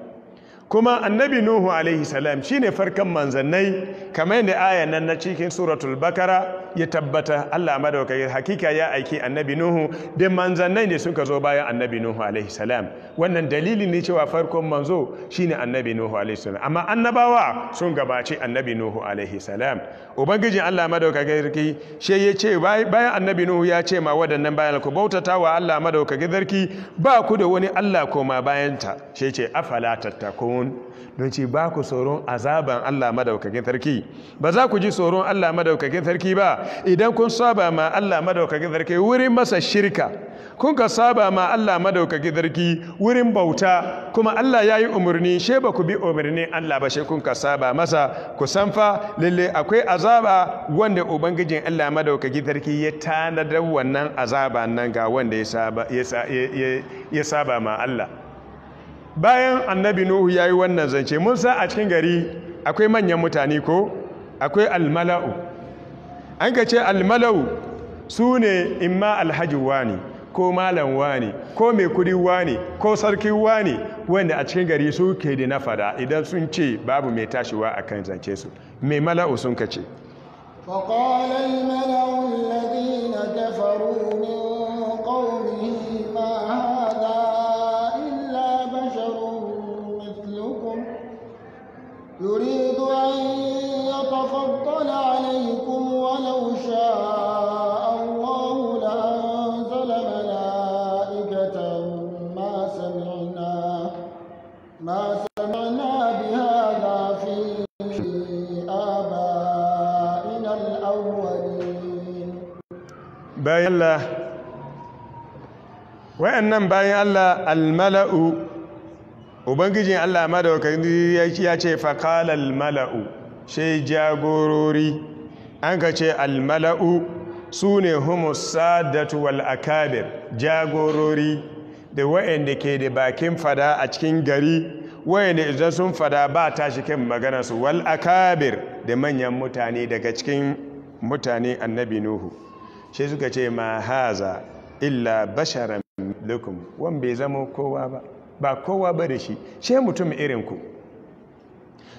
kuma annabi nuhu alaihi salam shine farkon manzannai kamar yadda ayan nan na cikin suratul bakara ya tabbata Allah madaukakin hakika ya aiki annabi Nuhu da manzannai ne suka zo bayan annabi Nuhu alaihi salam wannan dalili ne cewa farkon manzo shine annabi Nuhu alaihi salam amma annabawa sun gabaci annabi Nuhu alaihi salam ubangijin Allah madaukakin sarki she ya ce bayan annabi Nuhu ya ce ma wadannan bayan ku bautata wa Allah madaukakin sarki ba ku da wani Allah koma bayanta she ce afala tattakun don ce ba ku tsoron azaban Allah madaukakin sarki ba za ku ji tsoron Allah madaukakin sarki ba idan kun saba ma Allah madaukakin sarki wurin masa shirka kun ka saba ma Allah madaukakin sarki wurin bauta kuma Allah ya yi umarni she ba ku bi umarnin Allah ba she kun ka saba masa ku san fa lalle akwai azaba wanda ubangijin Allah madaukakin sarki ya tanadar wannan azaba nan ga wanda ya saba ma Allah bayan annabi nuhu ya yi wannan zance mun sa a cikin gari akwai manyan mutane ko akwai almala'u an ka ce almala'u su ne imma alhaji wani ko malam wani ko mai kudiwa wani ko sarki wani wanda a cikin gari su ke da na fada idan sun ce babu mai tashiwa a kan zance su mai mala'u sun ka ce يريد أن يتفضل عليكم ولو شاء الله لأنزل ملائكة ما سمعنا ما سمعنا بهذا في آبائنا الأولين باي الله وأنم باي الله الملأ ubangijin allah madaukakin ya ce faƙalal mala'u sai jagorori an ka ce almala'u su ne humus sadatu akabir jagorori da wa'anda ke da bakin fada a cikin gari wa'anda idan sun fada ba tashi kan su, wal akabir da manyan mutane daga cikin mutane annabi nuhu sai suka ce ma haza illa basharan lukum wanda bai zama kowa ba ba kowa ba da shi shi mutum irinku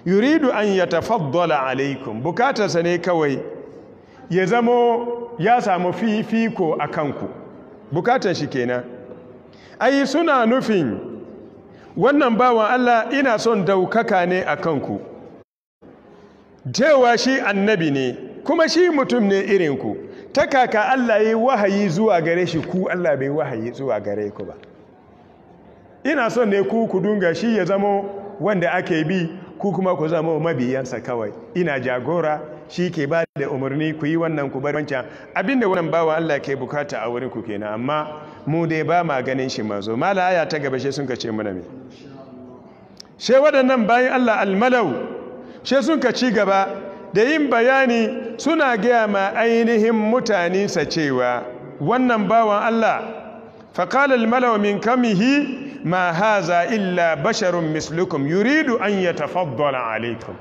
yuridu an ya tafaddala alaikun bukatarsa ne kawai ya zamo ya samu fifiko a kanku bukatar shi kenan ai suna nufin wannan bawan Allah ina son daukaka ne a kanku cewa shi annabi ne kuma shi mutum ne irinku ta kaka Allah ya yi wahayi zuwa gare shi ku Allah bai wahayi zuwa gare ku ba ina son ne ku ku dunga shi ya zamo wanda ake bi ku kuma ku zama mabiyansa kawai ina jagora shi ke ba da umarni ku yi wannan ku bar wancan abinda wannan bawa Allah ke bukata a wurin ku kenan amma mu dai ba ma ganin shi mazo mala aya ta gaba she sun kace mana me she wadannan bayan Allah almalau she sun ka ci gaba da yin bayani suna gaya ma ainihin mutane sa cewa wannan bawan Allah faqala almalau min kamihi ma haza illa basharun mislukum yuridu an yatafaddala alaikum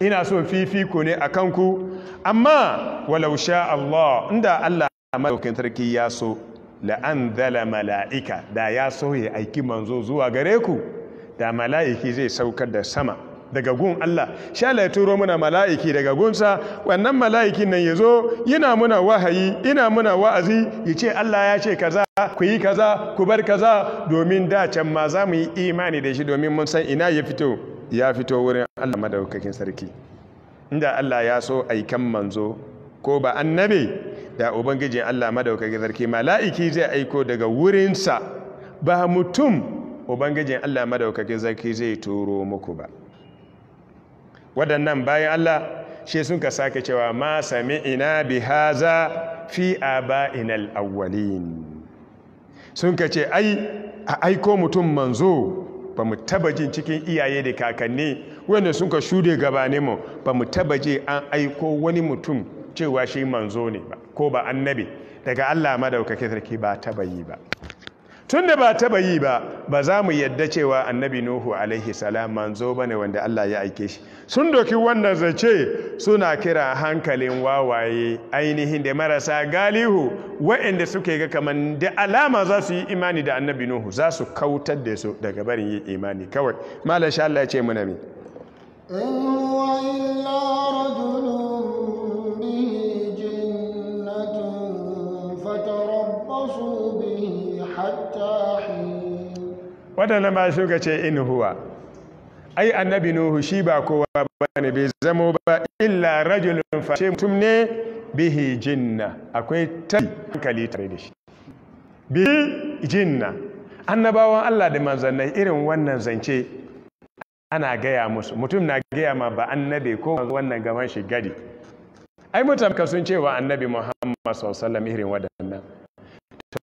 ina so fifiko ne a kanku amma walau sha Allah inda Allah madaukin sarki ya so la'anzala mala'ika da ya so ya aiki manzo zuwa gare ku da mala'iki zai saukar da sama daga gun Allah sha Allah ya turo muna mala'iki daga gunsa wannan mala'ikin nan yazo zo yana muna wahayi ina muna wa'azi ya ce Allah ya ce kaza ku yi kaza ku bar kaza domin da can ma za mu yi imani da shi domin mun san ina ya fito ya fito wurin Allah madaukakin sarki inda Allah ya so aikan manzo ko ba annabi da ubangiji Allah madaukakin sarki mala'iki zai aiko daga wurinsa ba mutum ubangijin Allah madaukakin sarki zai turo muku ba waɗannan bayan Allah shi sun ka sake cewa ma sami ina bi haza fi a ina al’awwalin sun ka ce ai a aiko mutum manzo ba mu taba jin cikin iyaye da kakanni wanda sun ka shude gabanin mu ba mu taba an aiko wani mutum cewa shi manzo ne ba ko ba annabi daga Allah madaukake sarki ba taba yi ba tun da ba taba yi ba ba za mu yadda cewa annabi nuhu alaihi salam manzo ba ne wanda allah ya aike shi sun doki wannan zace suna kira hankalin wawaye ainihin da marasa galihu wa'anda suke ga kamar da alama za su yi imani da annabi nuhu za su kautar da su daga barin yi imani kawai malasha allah ya ce muna mi waɗanda ma ga ce in huwa ai annabi nuhu shi ba kowa ba ne bai zamo ba illa rajulun fashe mutum ne bihi jinna akwai ta hankali tare da shi bihi jinna annabawan Allah da manzannai irin wannan zance ana gaya musu mutum na gaya ma ba annabi ko wannan gaban shi gadi ai mutum ka sun cewa annabi Muhammad sallallahu alaihi wasallam irin waɗannan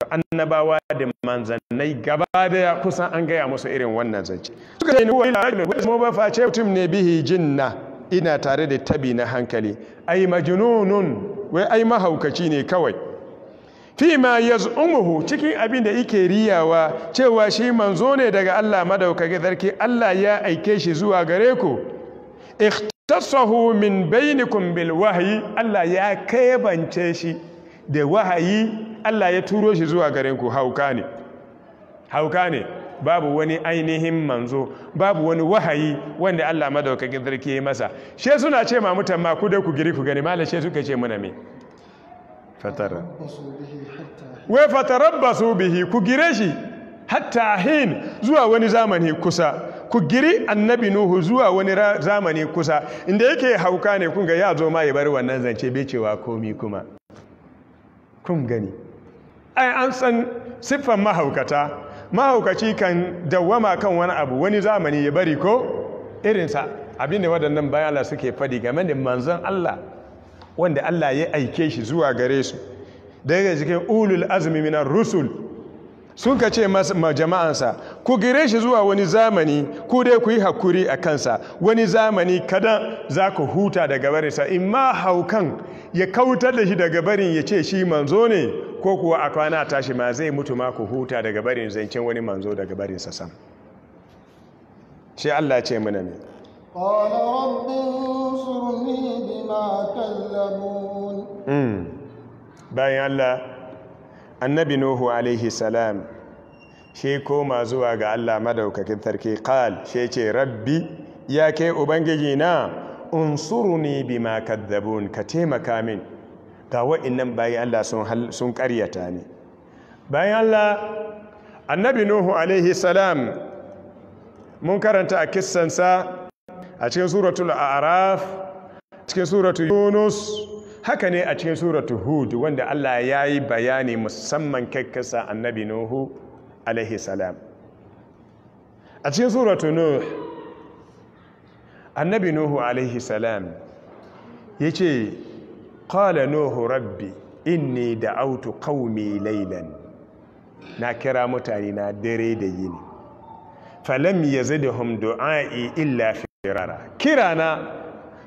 annabawa da manzannai gaba daya kusan an gaya musu irin wannan zance suka ce ni wa ila rajulun wani ba face mutum ne bihi jinna ina tare da tabi na hankali ai majnunun wai ai mahaukaci ne kawai fi ma yaz'umuhu cikin abin da yake riyawa cewa shi manzo ne daga Allah madaukakin sarki Allah ya aike shi zuwa gare ku ikhtasahu min bainikum bil wahyi Allah ya kebance shi da wahayi Allah ya turo shi zuwa gare ku hauka ne hauka ne babu wani ainihin manzo babu wani wahayi wanda Allah madaukakin sarki ya masa she suna ce ma mutan ma ku da ku giri ku gani malam she suka ce muna me fatara wai fatarabbasu bihi ku gire shi hatta hin zuwa wani zamani kusa ku giri annabi nuhu zuwa wani zamani kusa inda yake hauka ne kun ga ya zo ma ya bar wannan zance bai cewa komi kuma kun gani ai an san siffan mahaukata mahaukaci kan dawwama kan wani abu wani zamani ya bari ko irinsa abin da waɗannan bayan Allah suke faɗi game da manzon Allah wanda Allah ya aike shi zuwa gare su daga cikin ulul azmi minar rusul sun ka ce jama'ansa ku gire shi zuwa wani zamani ku dai ku yi hakuri a kansa wani zamani kada za ku huta daga barinsa in ma haukan ya kautar da shi daga barin ya ce shi manzo ne ko kuwa a kwana tashi ma zai mutu ma ku huta daga barin zancen wani manzo daga barin sassan. ce Allah ce mana ne bi ma kallabun bayan Allah annabi nuhu alaihi salam shi koma zuwa ga Allah madaukakin tarki qal shi ce rabbi ya kai ubangiji na unsuruni ma kaddabun ka taimaka min ga wa'annan bayan Allah sun karyata ne bayan Allah annabi nuhu alaihi salam mun karanta a kissansa a cikin suratul araf cikin suratul yunus haka ne a cikin suratul hud wanda Allah ya yi bayani musamman kakkasa annabi nuhu alaihi salam a cikin suratul nuh annabi nuhu alaihi salam ya ce qala nuhu rabbi da autu qaumi lailan na kira mutane na dare da yini falam yazidhum du'ai illa firara kirana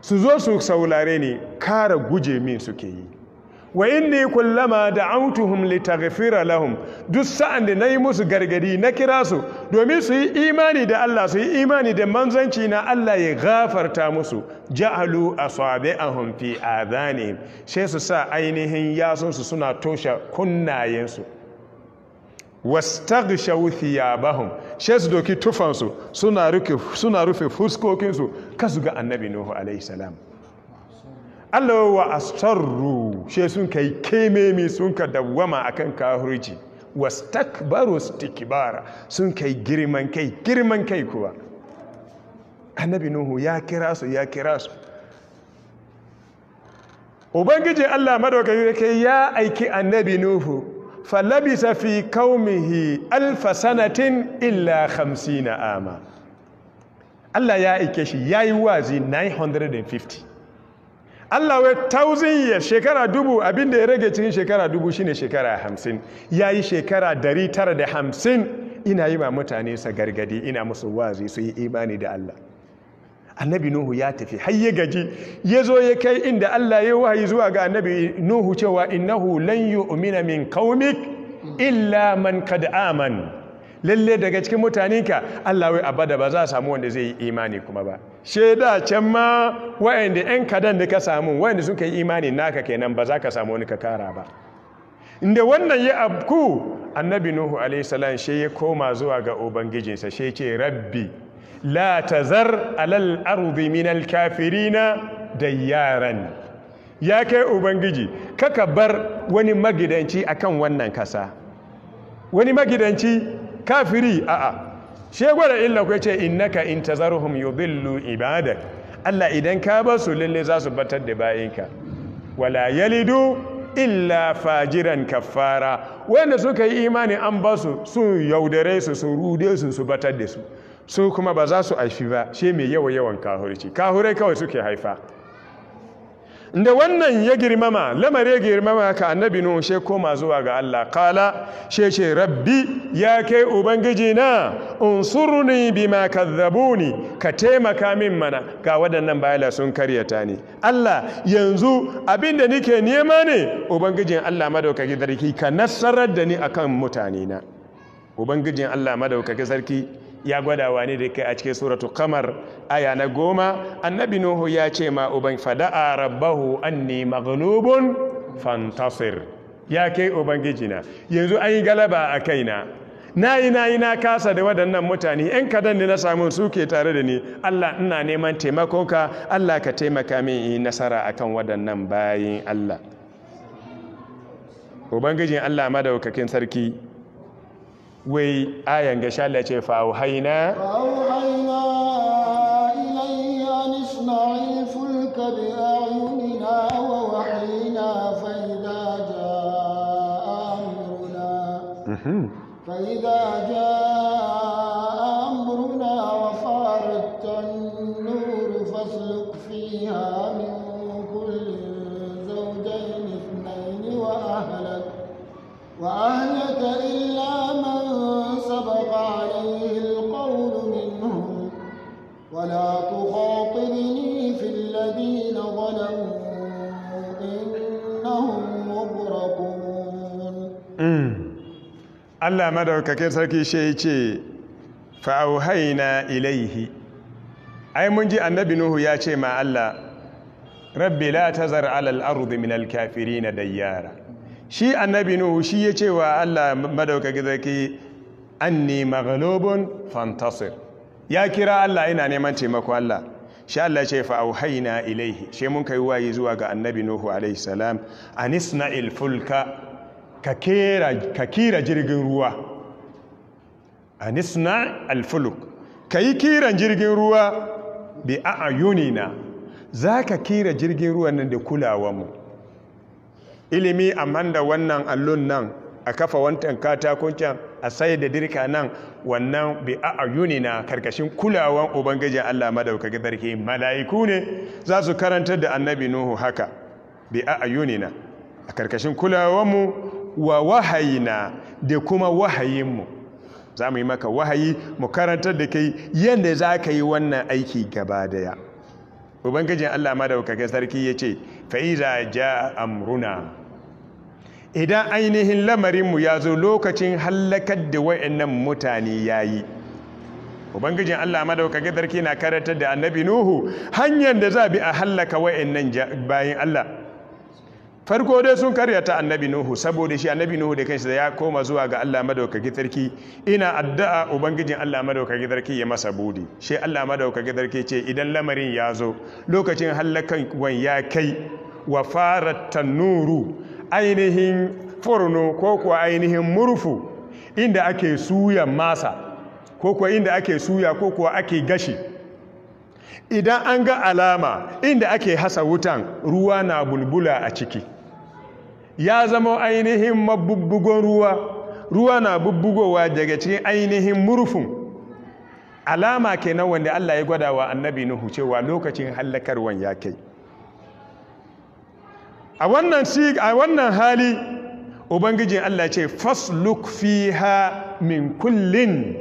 su zo su saulare ni kara guje min suke yi wa inni kullama da'awtuhum litaghfira lahum duk sa'an da nayi musu gargadi na kira su domin su yi imani da Allah su yi imani da manzanci na Allah ya gafarta musu ja'alu asabi'ahum fi adhanihim sai su sa ainihin yasun su suna toshe kunnayen su wastaghshaw thiyabahum sai su doki tufansu suna rufe fuskokinsu kasu ga annabi nuhu alaihi salam Allah wa astarru she sun kai kememi sun ka dawwama akan kahurci wastakbaru istikbara sun kai girman kai girman kai kuwa annabi nuhu ya kira su ya kira su ubangiji Allah madaukaki yake ya aiki annabi nuhu falabisa fi qaumihi alf sanatin illa 50 ama Allah ya aike shi yayi wazi 950 Allah wai tausin ya shekara dubu abinda ya rage cikin shekara dubu shine shekara hamsin ya yi shekara dari tara da hamsin ina yi ma mutane sa gargadi ina musu wazi su yi imani da Allah annabi nuhu ya tafi hayye gaji ya zo ya kai inda Allah ya wahayi zuwa ga annabi nuhu cewa innahu lan yu'mina min qaumik illa man kad aman lalle daga cikin mutanenka Allah wai abada ba za a samu wanda zai yi imani kuma ba shaida can ma wa'anda yan kadan da ka samu wa'anda suka yi imani naka kenan ba za ka samu wani ka kara ba inda wannan ya abku annabi nuhu alaihi salam shi ya koma zuwa ga ubangijinsa shi ce rabbi la tazar alal ardi min al kafirina yaran. ya kai ubangiji kaka bar wani magidanci akan wannan kasa wani magidanci kafiri a'a a gwada illa ku ce innaka in tazarhum yudillu ibadak Allah idan ka ba su lalle za su batar da bayinka wala yalidu illa fajiran kafara wanda suka yi imani an ba su su yaudare su su rude su su batar da su su kuma ba za su aifi ba she mai yawa yawan kahurci kahurai kawai suke haifa da wannan ya girmama lamar ya girmama ka annabi nun she koma zuwa ga Allah kala she ce rabbi ya kai ubangiji na unsurni bima kadzabuni ka taimaka min mana ga waɗannan bayala sun karyata ni Allah yanzu abinda nike nema ne ubangijin Allah madaukaki sarki ka nasarar da ni akan mutane na ubangijin Allah madaukaki sarki ya gwada wa ne da kai a cikin suratu kamar aya na goma annabi nuhu ya ce ma uban fada'a rabbahu anni maghlubun fantasir ya kai na yanzu an yi galaba a kaina na yi na kasa da waɗannan mutane ‘yan kadan ne na samu suke tare da ni Allah ina neman taimakonka Allah ka taimaka min yi nasara akan waɗannan bayin Allah ubangijin Allah madaukakin sarki وي آية نشال لك فأوحينا فأوحينا إلي أن اصنع الفلك بأعيننا ووحينا فإذا جاء أمرنا فإذا جاء أمرنا وفارت النور فاسلك فيها من كل زوجين اثنين وأهلك وأهلك إلا ولا تخاطبني في الذين ظلموا إنهم مغرقون الله مدعوك كيف سركي شيء شيء فأوهينا ai mun ji annabi nuhu ya ce ma Allah rabbi la tazar alal ardi min kafiri na dayyara shi annabi nuhu shi ya ce wa Allah sarki, An ne maghlubun fantasir ya kira Allah ina neman taimako Allah sha Allah ce fa auhayna ilaihi she mun kai wayi zuwa ga annabi nuhu alaihi salam anisna ilfulka ka kira jirgin ruwa anisna alfuluk kai kiran jirgin ruwa bi a'yunina zaka kira jirgin ruwan nan da kulawa mu ilimi amma da wannan allon nan a kafa wantan katakon can a sai da dirka nan wannan bi a na karkashin kulawan ubangijin Allah ga sarki mala'iku ne za su karanta da annabi nuhu haka bi a na a karkashin kulawanmu wa wahayina da kuma wahayinmu za mu yi maka wahayi mu karantar da kai yadda za ka yi wannan aiki gaba daya ubangijin Allah ga sarki ya ce fa'iza ja amruna idan ainihin lamarinmu ya zo lokacin hallakar da wa'annan mutane ya yi ubangijin allah madaukakin gidarki na karatar da annabi nuhu hanyar da za bi a hallaka wa'annan bayan allah farko dai sun karyata annabi nuhu saboda shi annabi nuhu da kansa ya koma zuwa ga allah madauka gidarki. ina addu'a ubangijin allah madauka gidarki ya masa budi shi allah madauka gidarki ce idan lamarin ya zo lokacin hallakan wan ya kai wa fara tanuru ainihin forno ko kuwa ainihin murfu inda ake suya masa ko kuwa inda ake suya ko kuwa ake gashi idan an ga alama inda ake hasa wutan ruwa na bulbula a ciki ya zama ainihin mabubbugon ruwa ruwa na bubbugowa daga cikin ainihin murfin alama kenan wanda Allah ya gwada wa annabi Nuhu cewa lokacin hallakarwan ya kai a wannan a wannan hali ubangijin Allah ce fasluk fiha min kullin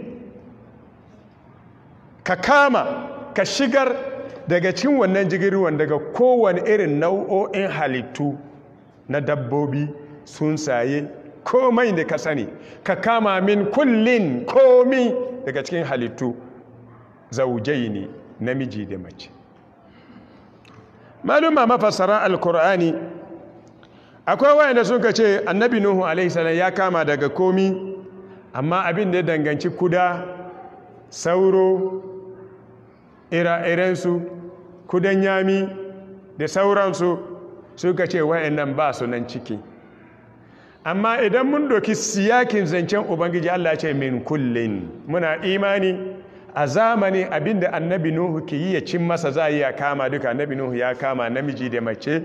ka kama ka shigar daga cin wannan jigirwan daga kowane irin nau'o'in halittu na dabbobi tsuntsaye komai da ka sani ka kama min kullin komi daga cikin halittu zaujai ne namiji da mace maluma mafasara alkur'ani akwai wayanda suka ce annabi nuhu alaihi salam ya kama daga komi amma abin da ya danganci kuda sauro ira kudan yami da sauransu suka ce wayannan ba su nan ciki amma idan mun doki siyakin zancen ubangiji Allah ce min kullin muna imani a zamani abinda annabi nuhu ke yi ya cin masa za a ya kama duka annabi nuhu ya kama namiji da mace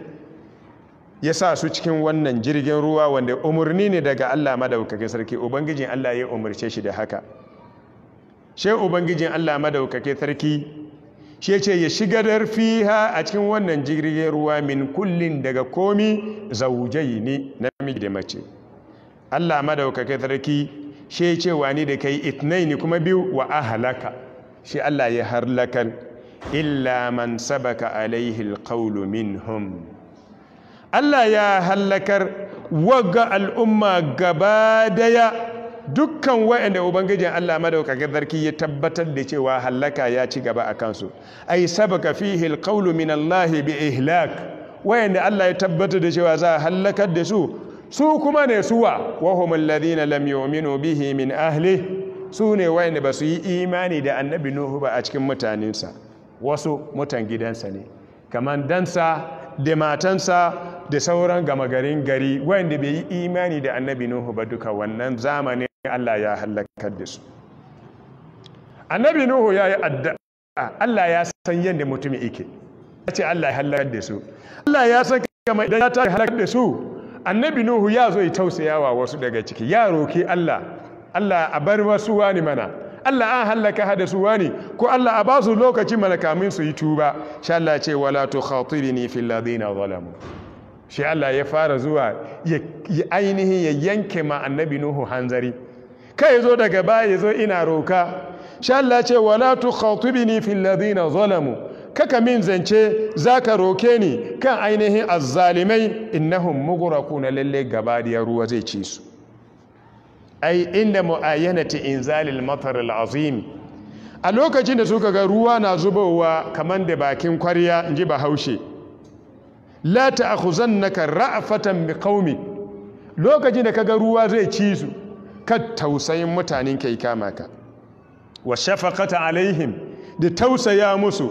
ya sa su cikin wannan jirgin ruwa wanda umarni ne daga Allah madaukakin sarki ubangijin Allah ya umarce shi da haka she ubangijin Allah madaukakin sarki she ce ya shiga darfiha a cikin wannan jirgin ruwa min kullin daga komi ne namiji da mace Allah madaukakin sarki she wa ni da kai itnaini kuma biyu wa ahlaka shi Allah ya harlakan illa man sabaka alaihi alqawlu minhum Allah ya hallakar waga al'umma gaba daya dukkan wa'anda ubangijin Allah ga zarki ya tabbatar da cewa hallaka ya ci gaba a kansu ai sabaka fi alqawlu min Allah bi ihlak wa'anda Allah ya tabbatar da cewa za a hallakar da su su kuma ne suwa wa hum alladhina bihi min ahli su ne wa'anda ba su yi imani da annabi Nuhu ba a cikin mutanensa wasu mutan gidansa ne kamar dansa da matansa da sauran gama garin gari wanda bai yi imani da annabi nuhu ba duka wannan zamani Allah ya halakar da su annabi nuhu ya yi addu'a Allah ya san yadda mutum yake ya ce Allah ya halakar da su Allah ya san kamar idan ya ta halakar da su annabi nuhu ya zo ya tausayawa wasu daga ciki ya roki Allah Allah a bar wasu wani mana Allah an halaka da su wani ko Allah a ba su lokaci mana su yi tuba sha Allah ce wala tukhatibni fil ladina zalamu shi Allah ya fara zuwa ya ainihin ya yanke ma annabi nuhu hanzari kai zo daga baya ya zo ina roka shi Allah ce wala tukhatibni fil ladina zalamu kaka min zance zaka roke ni kan ainihin azzalimai innahum mughraquna lalle gabadiya ruwa zai ci su ai inda muayyanati inzalil matar alazim a lokacin da suka ga ruwa na zubowa kamar da bakin kwarya inji bahaushe la ta'khuzannaka ra'fatan mikaumi Lokaci da ka ga ruwa zai ci su ka tausayin mutanen kai kama ka wa shafakata alaihim da tausaya musu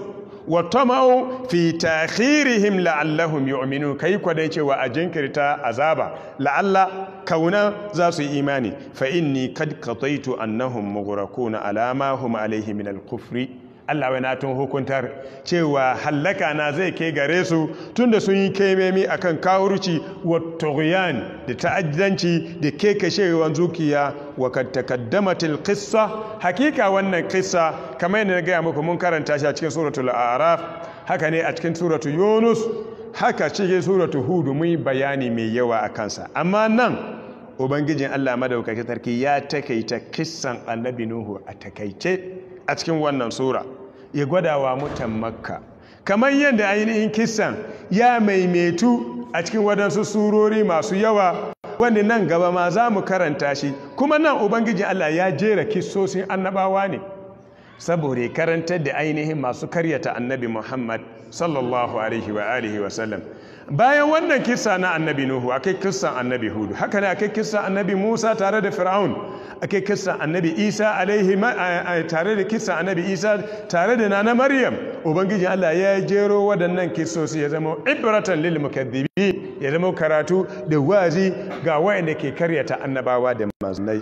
wa tamau fi ta'khirihim la'allahum yu'minu kai kwadai cewa a jinkirta azaba la'alla kauna za su yi imani fa inni kad qataitu annahum mughraquna alama hum alaihi min al-kufri Allah wai na tun hukuntar cewa hallaka na zai kai gare su tunda sun yi a kan kawurci wa tughyan da ta'addanci da kekashewan zukiya wa kad taqaddamatil hakika wannan kissa kamar yadda na gaya muku mun karanta shi a cikin suratul araf haka ne a cikin suratul yunus haka cikin suratul Hudu mun bayani mai yawa a kansa amma nan ubangijin Allah madaukakin sarki ya takaita kissan annabi nuhu a takaice a cikin wannan sura ya gwada wa mutan makka kamar yadda ainihin kisan ya maimaitu a cikin waɗansu surori masu yawa Wani nan gaba ma za mu karanta shi kuma nan ubangiji allah ya jera kisosin annabawa ne saboda karantar da ainihin masu karyata annabi muhammad sallallahu alaihi wa alihi wasallam bayan wannan kisa na annabi nuhu akai kissan annabi hudu haka ne akai kisa annabi musa tare da fir'aun akai kisa annabi isa alaihi tare da kisa annabi isa tare da nana maryam ubangiji allah ya jero waɗannan su, ya zama ibratan lil mukaddibi ya zama karatu da wazi ga wanda ke karyata annabawa da mazunai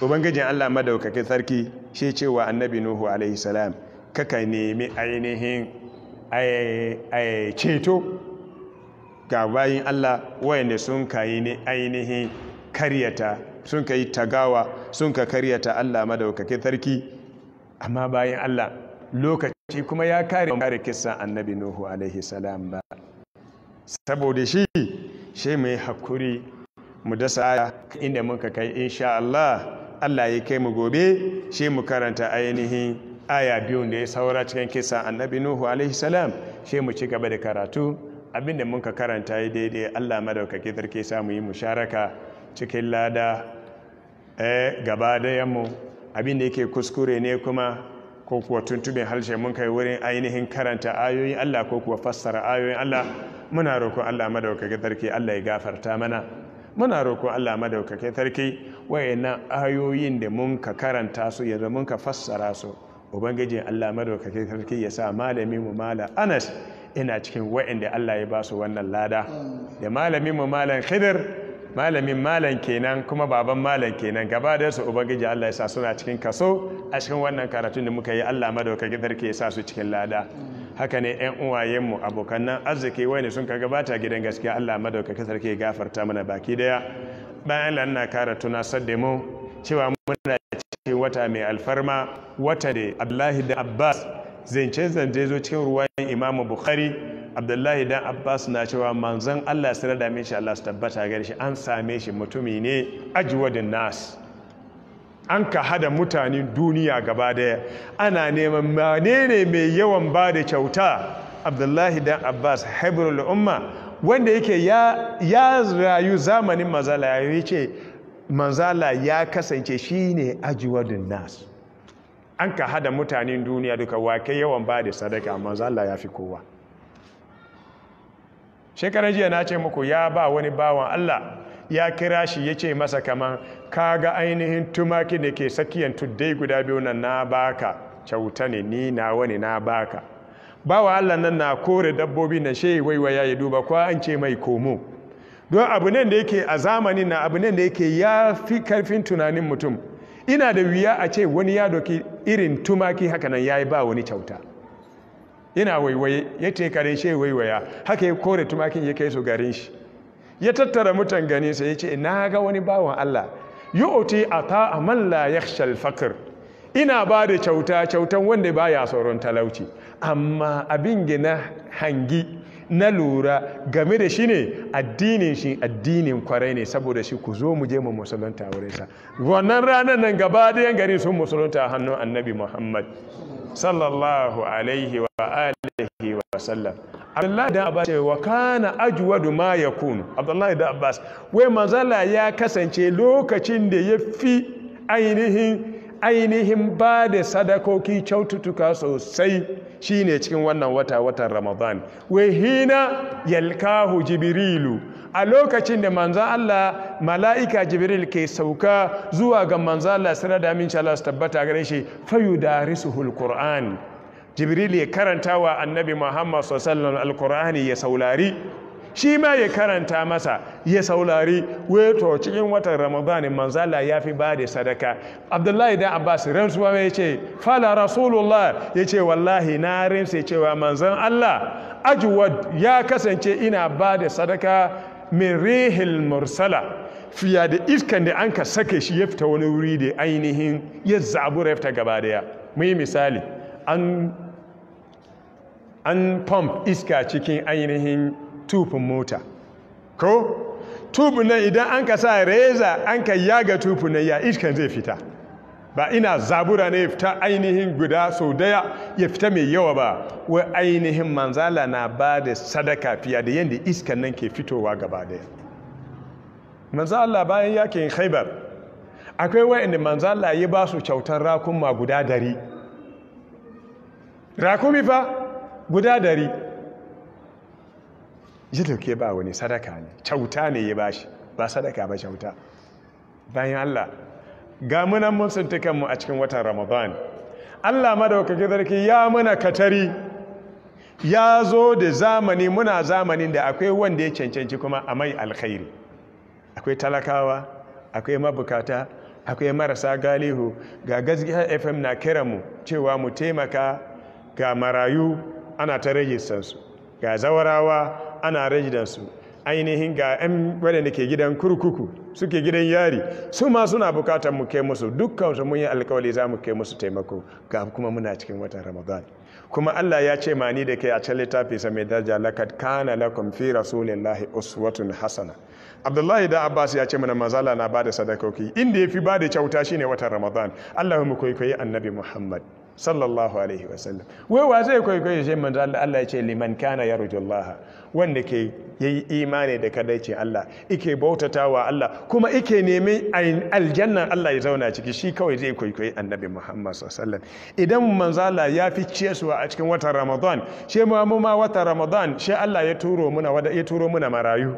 ubangijin allah madaukakin sarki shi cewa annabi nuhu alaihi salam kaka nemi ainihin ceto ga bayin Allah wayanda sun kayi ne ainihin karyata sun kayi tagawa sun ka karyata Allah madaukakin sarki amma bayin Allah lokaci kuma ya kare kare kissan annabi Nuhu alaihi salam ba saboda shi shi mai hakuri mu dasa inda muka kai insha Allah Allah ya kai mu gobe shi mu karanta ainihin aya biyun da ya saura cikin kisa annabi Nuhu alaihi salam shi mu ci gaba da karatu abin da muka karanta yi daidai Allah madaukaki tarke samu yi musharaka cikin lada eh, gaba da mu abin da yake kuskure ne kuma ko kuwa tuntubin harshe mun kai wurin ainihin karanta ayoyin Allah ko kuwa fassara ayoyin Allah muna roƙon Allah madaukaki tarke. Allah ya gafarta mana muna roƙon Allah madaukake sarki wayannan ayoyin da mun ka karanta su yanzu mun ka fassara su ubangiji Allah madaukaki tarke. ya sa malami mu mala Anas ina cikin wa'inda Allah ya ba su wannan lada da malamin malam khidir malamin malam kenan kuma baban malam kenan gaba da su ubangiji Allah ya sa suna cikin kaso a cikin wannan karatun da muka yi Allah madaukakin sarki ya sa su cikin lada haka ne yan uwayen mu abokan nan arziki wani sun ka gabata gidan gaskiya Allah madaukakin sarki ya gafarta mana baki daya bayan lan na karatu na sadda mu cewa muna cikin wata mai alfarma wata da Abdullahi da Abbas zancen zance zo cikin ruwayan imam bukhari abdullahi dan abbas na cewa manzon allah sai da min shi allah su tabbata gari shi an same shi mutumi ne ajwadin nas an ka hada mutane duniya gaba daya ana neman manene mai yawan ba da kyauta abdullahi dan abbas haibirul umma wanda yake ya, rayu zamanin mazala ya yi ce manzala ya kasance shi shine ajwadin nas an ka hada mutanen duniya duka wake yawan ba da sadaka amma Allah ya fi kowa Shekaran jiya na ce muku ya ba wani bawan Allah ya kira shi ya ce masa kaman kaga ainihin tumaki da ke sakiyan tuddai guda biyu nan na baka kyauta ne ni na wani na baka bawa Allah nan na kore dabbobi na shehi waiwaya ya duba kwa an ce mai komo don abu nan da yake a zamanin na abu nan da yake ya fi karfin tunanin mutum ina da wuya a ce wani ya doki irin tumaki hakanan ya yi ba wani kyauta yana waiwaye ya ce shi waiwaya haka ya kore tumakin ya kai su garin shi ya tattara mutan gani sai ya ce na ga wani bawan Allah oti ata man a malla ya shalfakar ina ba da kyauta kyautan wanda baya tsoron talauci amma abin gina hangi na lura game da shi ne addinin shi addinin kwarai ne saboda shi ku zo mu je mu musulunta wurinsa wannan ranar nan gaba da yan gari sun musulunta hannun annabi muhammad sallallahu alaihi wa alihi wa sallam abdullahi da abbas wa kana ajwadu ma kunu abdullahi da abbas wai manzala ya kasance lokacin da ya fi ainihin ainihin ba da sadakoki kyaututtuka sosai shine cikin wannan wata watan ramadan hina yalkahu jibrilu a lokacin da manzan Allah mala'ika Jibiril ke sauka zuwa ga manzan Allah sira da amince Allah su tabbata gare shi fayu da risuhul qur'an Jibiril ya karanta wa annabi muhammad sallallahu alaihi ya saulari shi ma ya karanta masa ya saulari weto cikin watan ramadani manzala ya fi ba da sadaka abdullahi da abbas ramsuwa ya ce fala rasulullah ya ce wallahi na rinsa cewa manzan allah ajuwad ya kasance ina ba da sadaka min rihil mursala Fiye da iskan da an ka sake shi ya fita wani wuri da ainihin ya zabura ya fita gaba daya mu yi misali an pump iska cikin ainihin tufin mota ko tufin nan idan an ka sa reza an ka yaga tufin nan ya iskan zai fita ba ina zabura ne ya fita ainihin guda sau daya ya fita mai yawa ba wai ainihin manzala na ba da sadaka fiya da yadda iskan nan ke fitowa gaba daya manzala bayan yakin haibar akwai wa'inda manzala ya ba su kyautar rakuma guda dari rakumi fa guda dari ya dauke ba wani sadaka ne kyauta ne ya bashi ba sadaka ba kyauta bayan Allah ga munan mun kanmu a cikin watan Ramadan Allah madaukakin sarki ya muna katari ya zo da zamani muna zamanin da akwai wanda ya cancanci kuma a mai alkhairi akwai talakawa akwai mabukata akwai marasa galihu ga gaskiyar fm na kira mu cewa mu taimaka ga marayu ana ta rage sansu ga zawarawa ana rajidansu ainihin ga 'yan waɗanda ke gidan kurkuku suke gidan yari su ma suna bukatar mu kai musu dukkan su mun yi alkawali za mu kai musu taimako ga kuma muna cikin watan ramadan kuma Allah ya ce ma ni da kai a can littafi sa mai daraja lakad kana lakum fi rasulillahi uswatun hasana Abdullahi da Abbas ya ce mana mazala na bada sadakoki inda ya fi bada kyauta shine watan ramadan Allah mu annabi Muhammad sallallahu alaihi wasallam wai wa zai kwaikwayi shi manzo Allah ya ce liman kana yarjullaha wanda ke yi imani da kadaici Allah ike bautata wa Allah kuma ike nemi aljannan Allah ya zauna ciki shi kawai zai kwaikwayi annabi Muhammad sallallahu alaihi idan manzala ya fi ciyarwa a cikin watan Ramadan she ma mu ma watan Ramadan she Allah ya turo muna wada ya turo muna marayu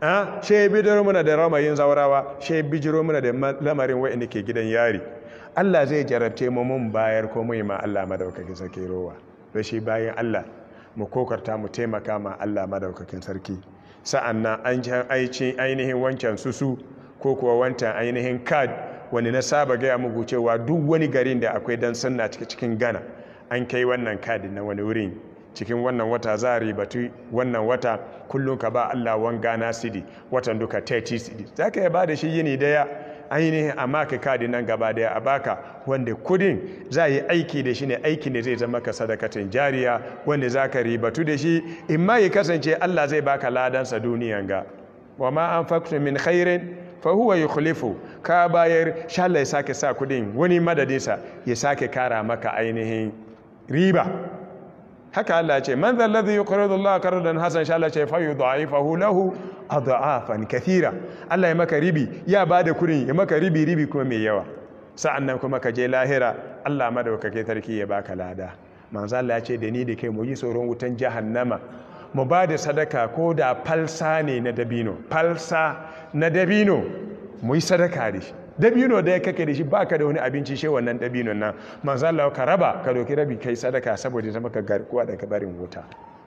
a she bidiro muna da ramayin zaurawa she bijiro muna da lamarin wa'anda ke gidan yari Allah zai jarabce mu mun bayar ko mu yi ma Allah madaukakin sakirowa to shi bayan Allah mu kokarta mu taimaka ma Allah madaukakin sarki sa'annan an aici ainihin wancan susu ko kuwa wancan ainihin kad wani na saba gaya muku cewa duk wani garin da akwai dan sanna cikin gana an kai wannan kad na wani wurin cikin wannan wata za a ribatu wannan wata kullum ka ba Allah wan gana sidi watan duka 30 sidi za ka ba da shi yini daya ainihin a maka kadi nan gaba daya a baka wanda kudin za yi aiki da shi ne aikin da zai zama ka sadakatin jariya wanda za ka ribatu da shi in ma yi kasance Allah zai baka ladansa duniyan ga wa ma an faktu min khairin fa huwa yukhlifu ka bayar sha ya sake sa kudin wani madadinsa ya sake kara maka ainihin riba haka Allah ce man zal ladhi yuqridu Allah qardan hasan sha Allah ce fa yud'ifahu lahu adhafan kathira Allah ya maka ribi ya ba da kurin ya maka ribi ribi kuma mai yawa sa'annan kuma ka je lahira Allah kake, tarki ya baka lada manzo Allah ce da ni da kai mu yi tsoron wutan jahannama mu ba da sadaka ko da falsa ne na dabino falsa na dabino mu yi sadaka da shi dabino da ya kake da shi baka da wani abinci shi wannan dabinon nan manzo ka raba ka doki rabi kai sadaka saboda ta maka garkuwa daga barin wuta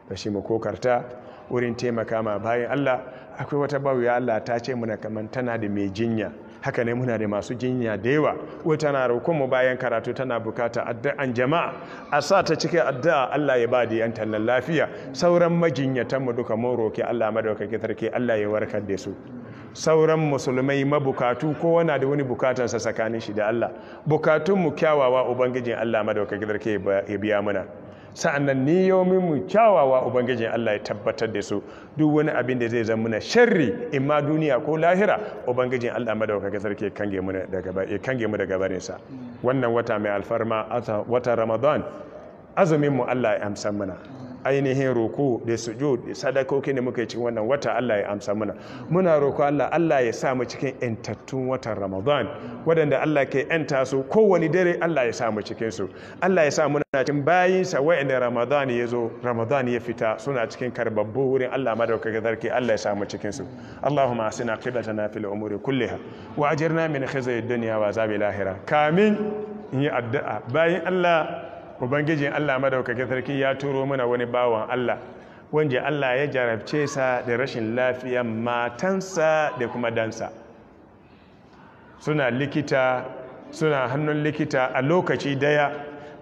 da shi mu kokarta wurin taimaka ma bayan Allah akwai wata bawuya Allah ta ce muna kaman tana da mai jinya haka ne muna da masu jinya da yawa wata na roƙon mu bayan karatu tana bukata addu'an jama'a a sa ta cike addu'a Allah ya ba da yan tallan lafiya sauran majinyatan mu duka mun roki Allah madaukakin sarki Allah ya warkar da su sauran musulmai mabukatu ko na da wani bukatan sa tsakanin shi da Allah bukatunmu kyawawa ubangijin Allah madaukakin sarki ya biya mana sa'annan niyomin mu kyawawa ubangijin Allah ya tabbatar da su duk wani abin da zai zama mana sharri in ma duniya ko lahira ubangijin Allah madaukakin sarki ya kange mu daga ya kange mu daga barinsa wannan wata mai alfarma wata Ramadan azumin mu Allah ya amsa mana ainihin roko da sujud da sadakokin da muka yi cikin wannan wata Allah ya amsa muna muna roko Allah Allah ya sa mu cikin intattun watan Ramadan wadanda Allah ke yanta su kowani dare Allah ya sa mu cikin su Allah ya sa muna cikin bayin sa wa'anda Ramadan ya zo Ramadan ya fita suna cikin karbabbu wurin Allah madaukakin sarki Allah ya sa mu cikin su Allahumma asina qibatana fil umuri kulliha wa ajirna min khizyi dunya wa azabil akhirah kamin yi addu'a bayin Allah ubangijin Allah madaukakin sarki ya turo mana wani bawan Allah wanda Allah ya jarabce sa da rashin lafiyan matansa da kuma dansa suna likita suna hannun likita a lokaci daya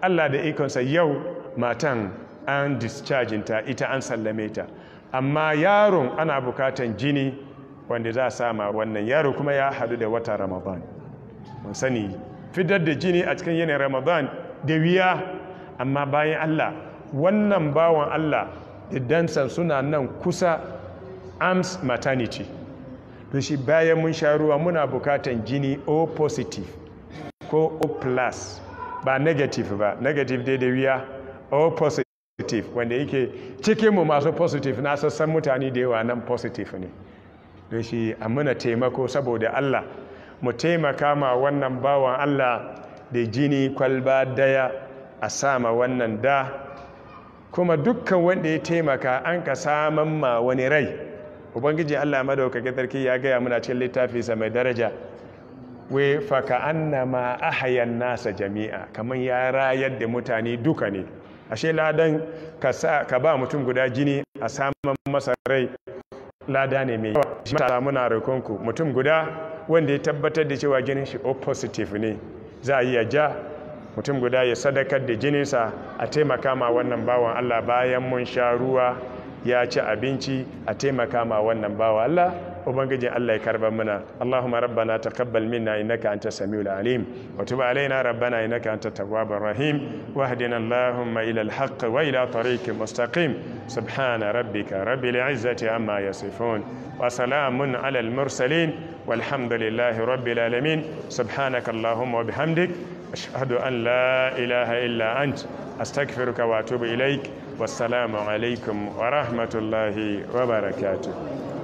Allah da ikonsa yau matan an discharginta ita an sallame ta amma yaron ana bukatan jini wanda za a sama wannan yaro kuma ya hadu da wata ramadan mun sani fitar da jini a cikin yanayin ramadan da wiya amma bayan Allah wannan bawan Allah dansa suna nan kusa arms maternity to shi bayan mun sha ruwa muna bukatan jini o positive ko o plus ba negative ba negative daidai wuya o positive wanda yake cikinmu masu positive na sassan mutane da yawa nan positive ne don shi a taimako saboda Allah mu taimaka ma wannan bawan Allah da jini kwalba daya a sama wannan da kuma dukkan wanda ya taimaka an ka saman ma wani rai ubangiji allah madaukakin tsarki ya gaya muna cikin littafinsa mai daraja we faka annama ahayan nasa jami'a kamar ya rayar da mutane duka ne ashe ladan ka ba mutum guda jini a saman masa rai lada ne mai yawa shi mata muna rikonku mutum guda wanda ya tabbatar da cewa jinin shi o positive ne za a yi iya ja mutum guda ya sadakar da jininsa a taimaka ma wannan bawan Allah bayan mun sha ruwa ya ci abinci a taimaka ma wannan bawan Allah وبنجي الله كرب منا اللهم ربنا تقبل منا إنك أنت السميع العليم وتب علينا ربنا إنك أنت التواب الرحيم واهدنا اللهم إلى الحق وإلى طريق مستقيم سبحان ربك رب العزة عما يصفون وسلام على المرسلين والحمد لله رب العالمين سبحانك اللهم وبحمدك أشهد أن لا إله إلا أنت أستغفرك وأتوب إليك والسلام عليكم ورحمة الله وبركاته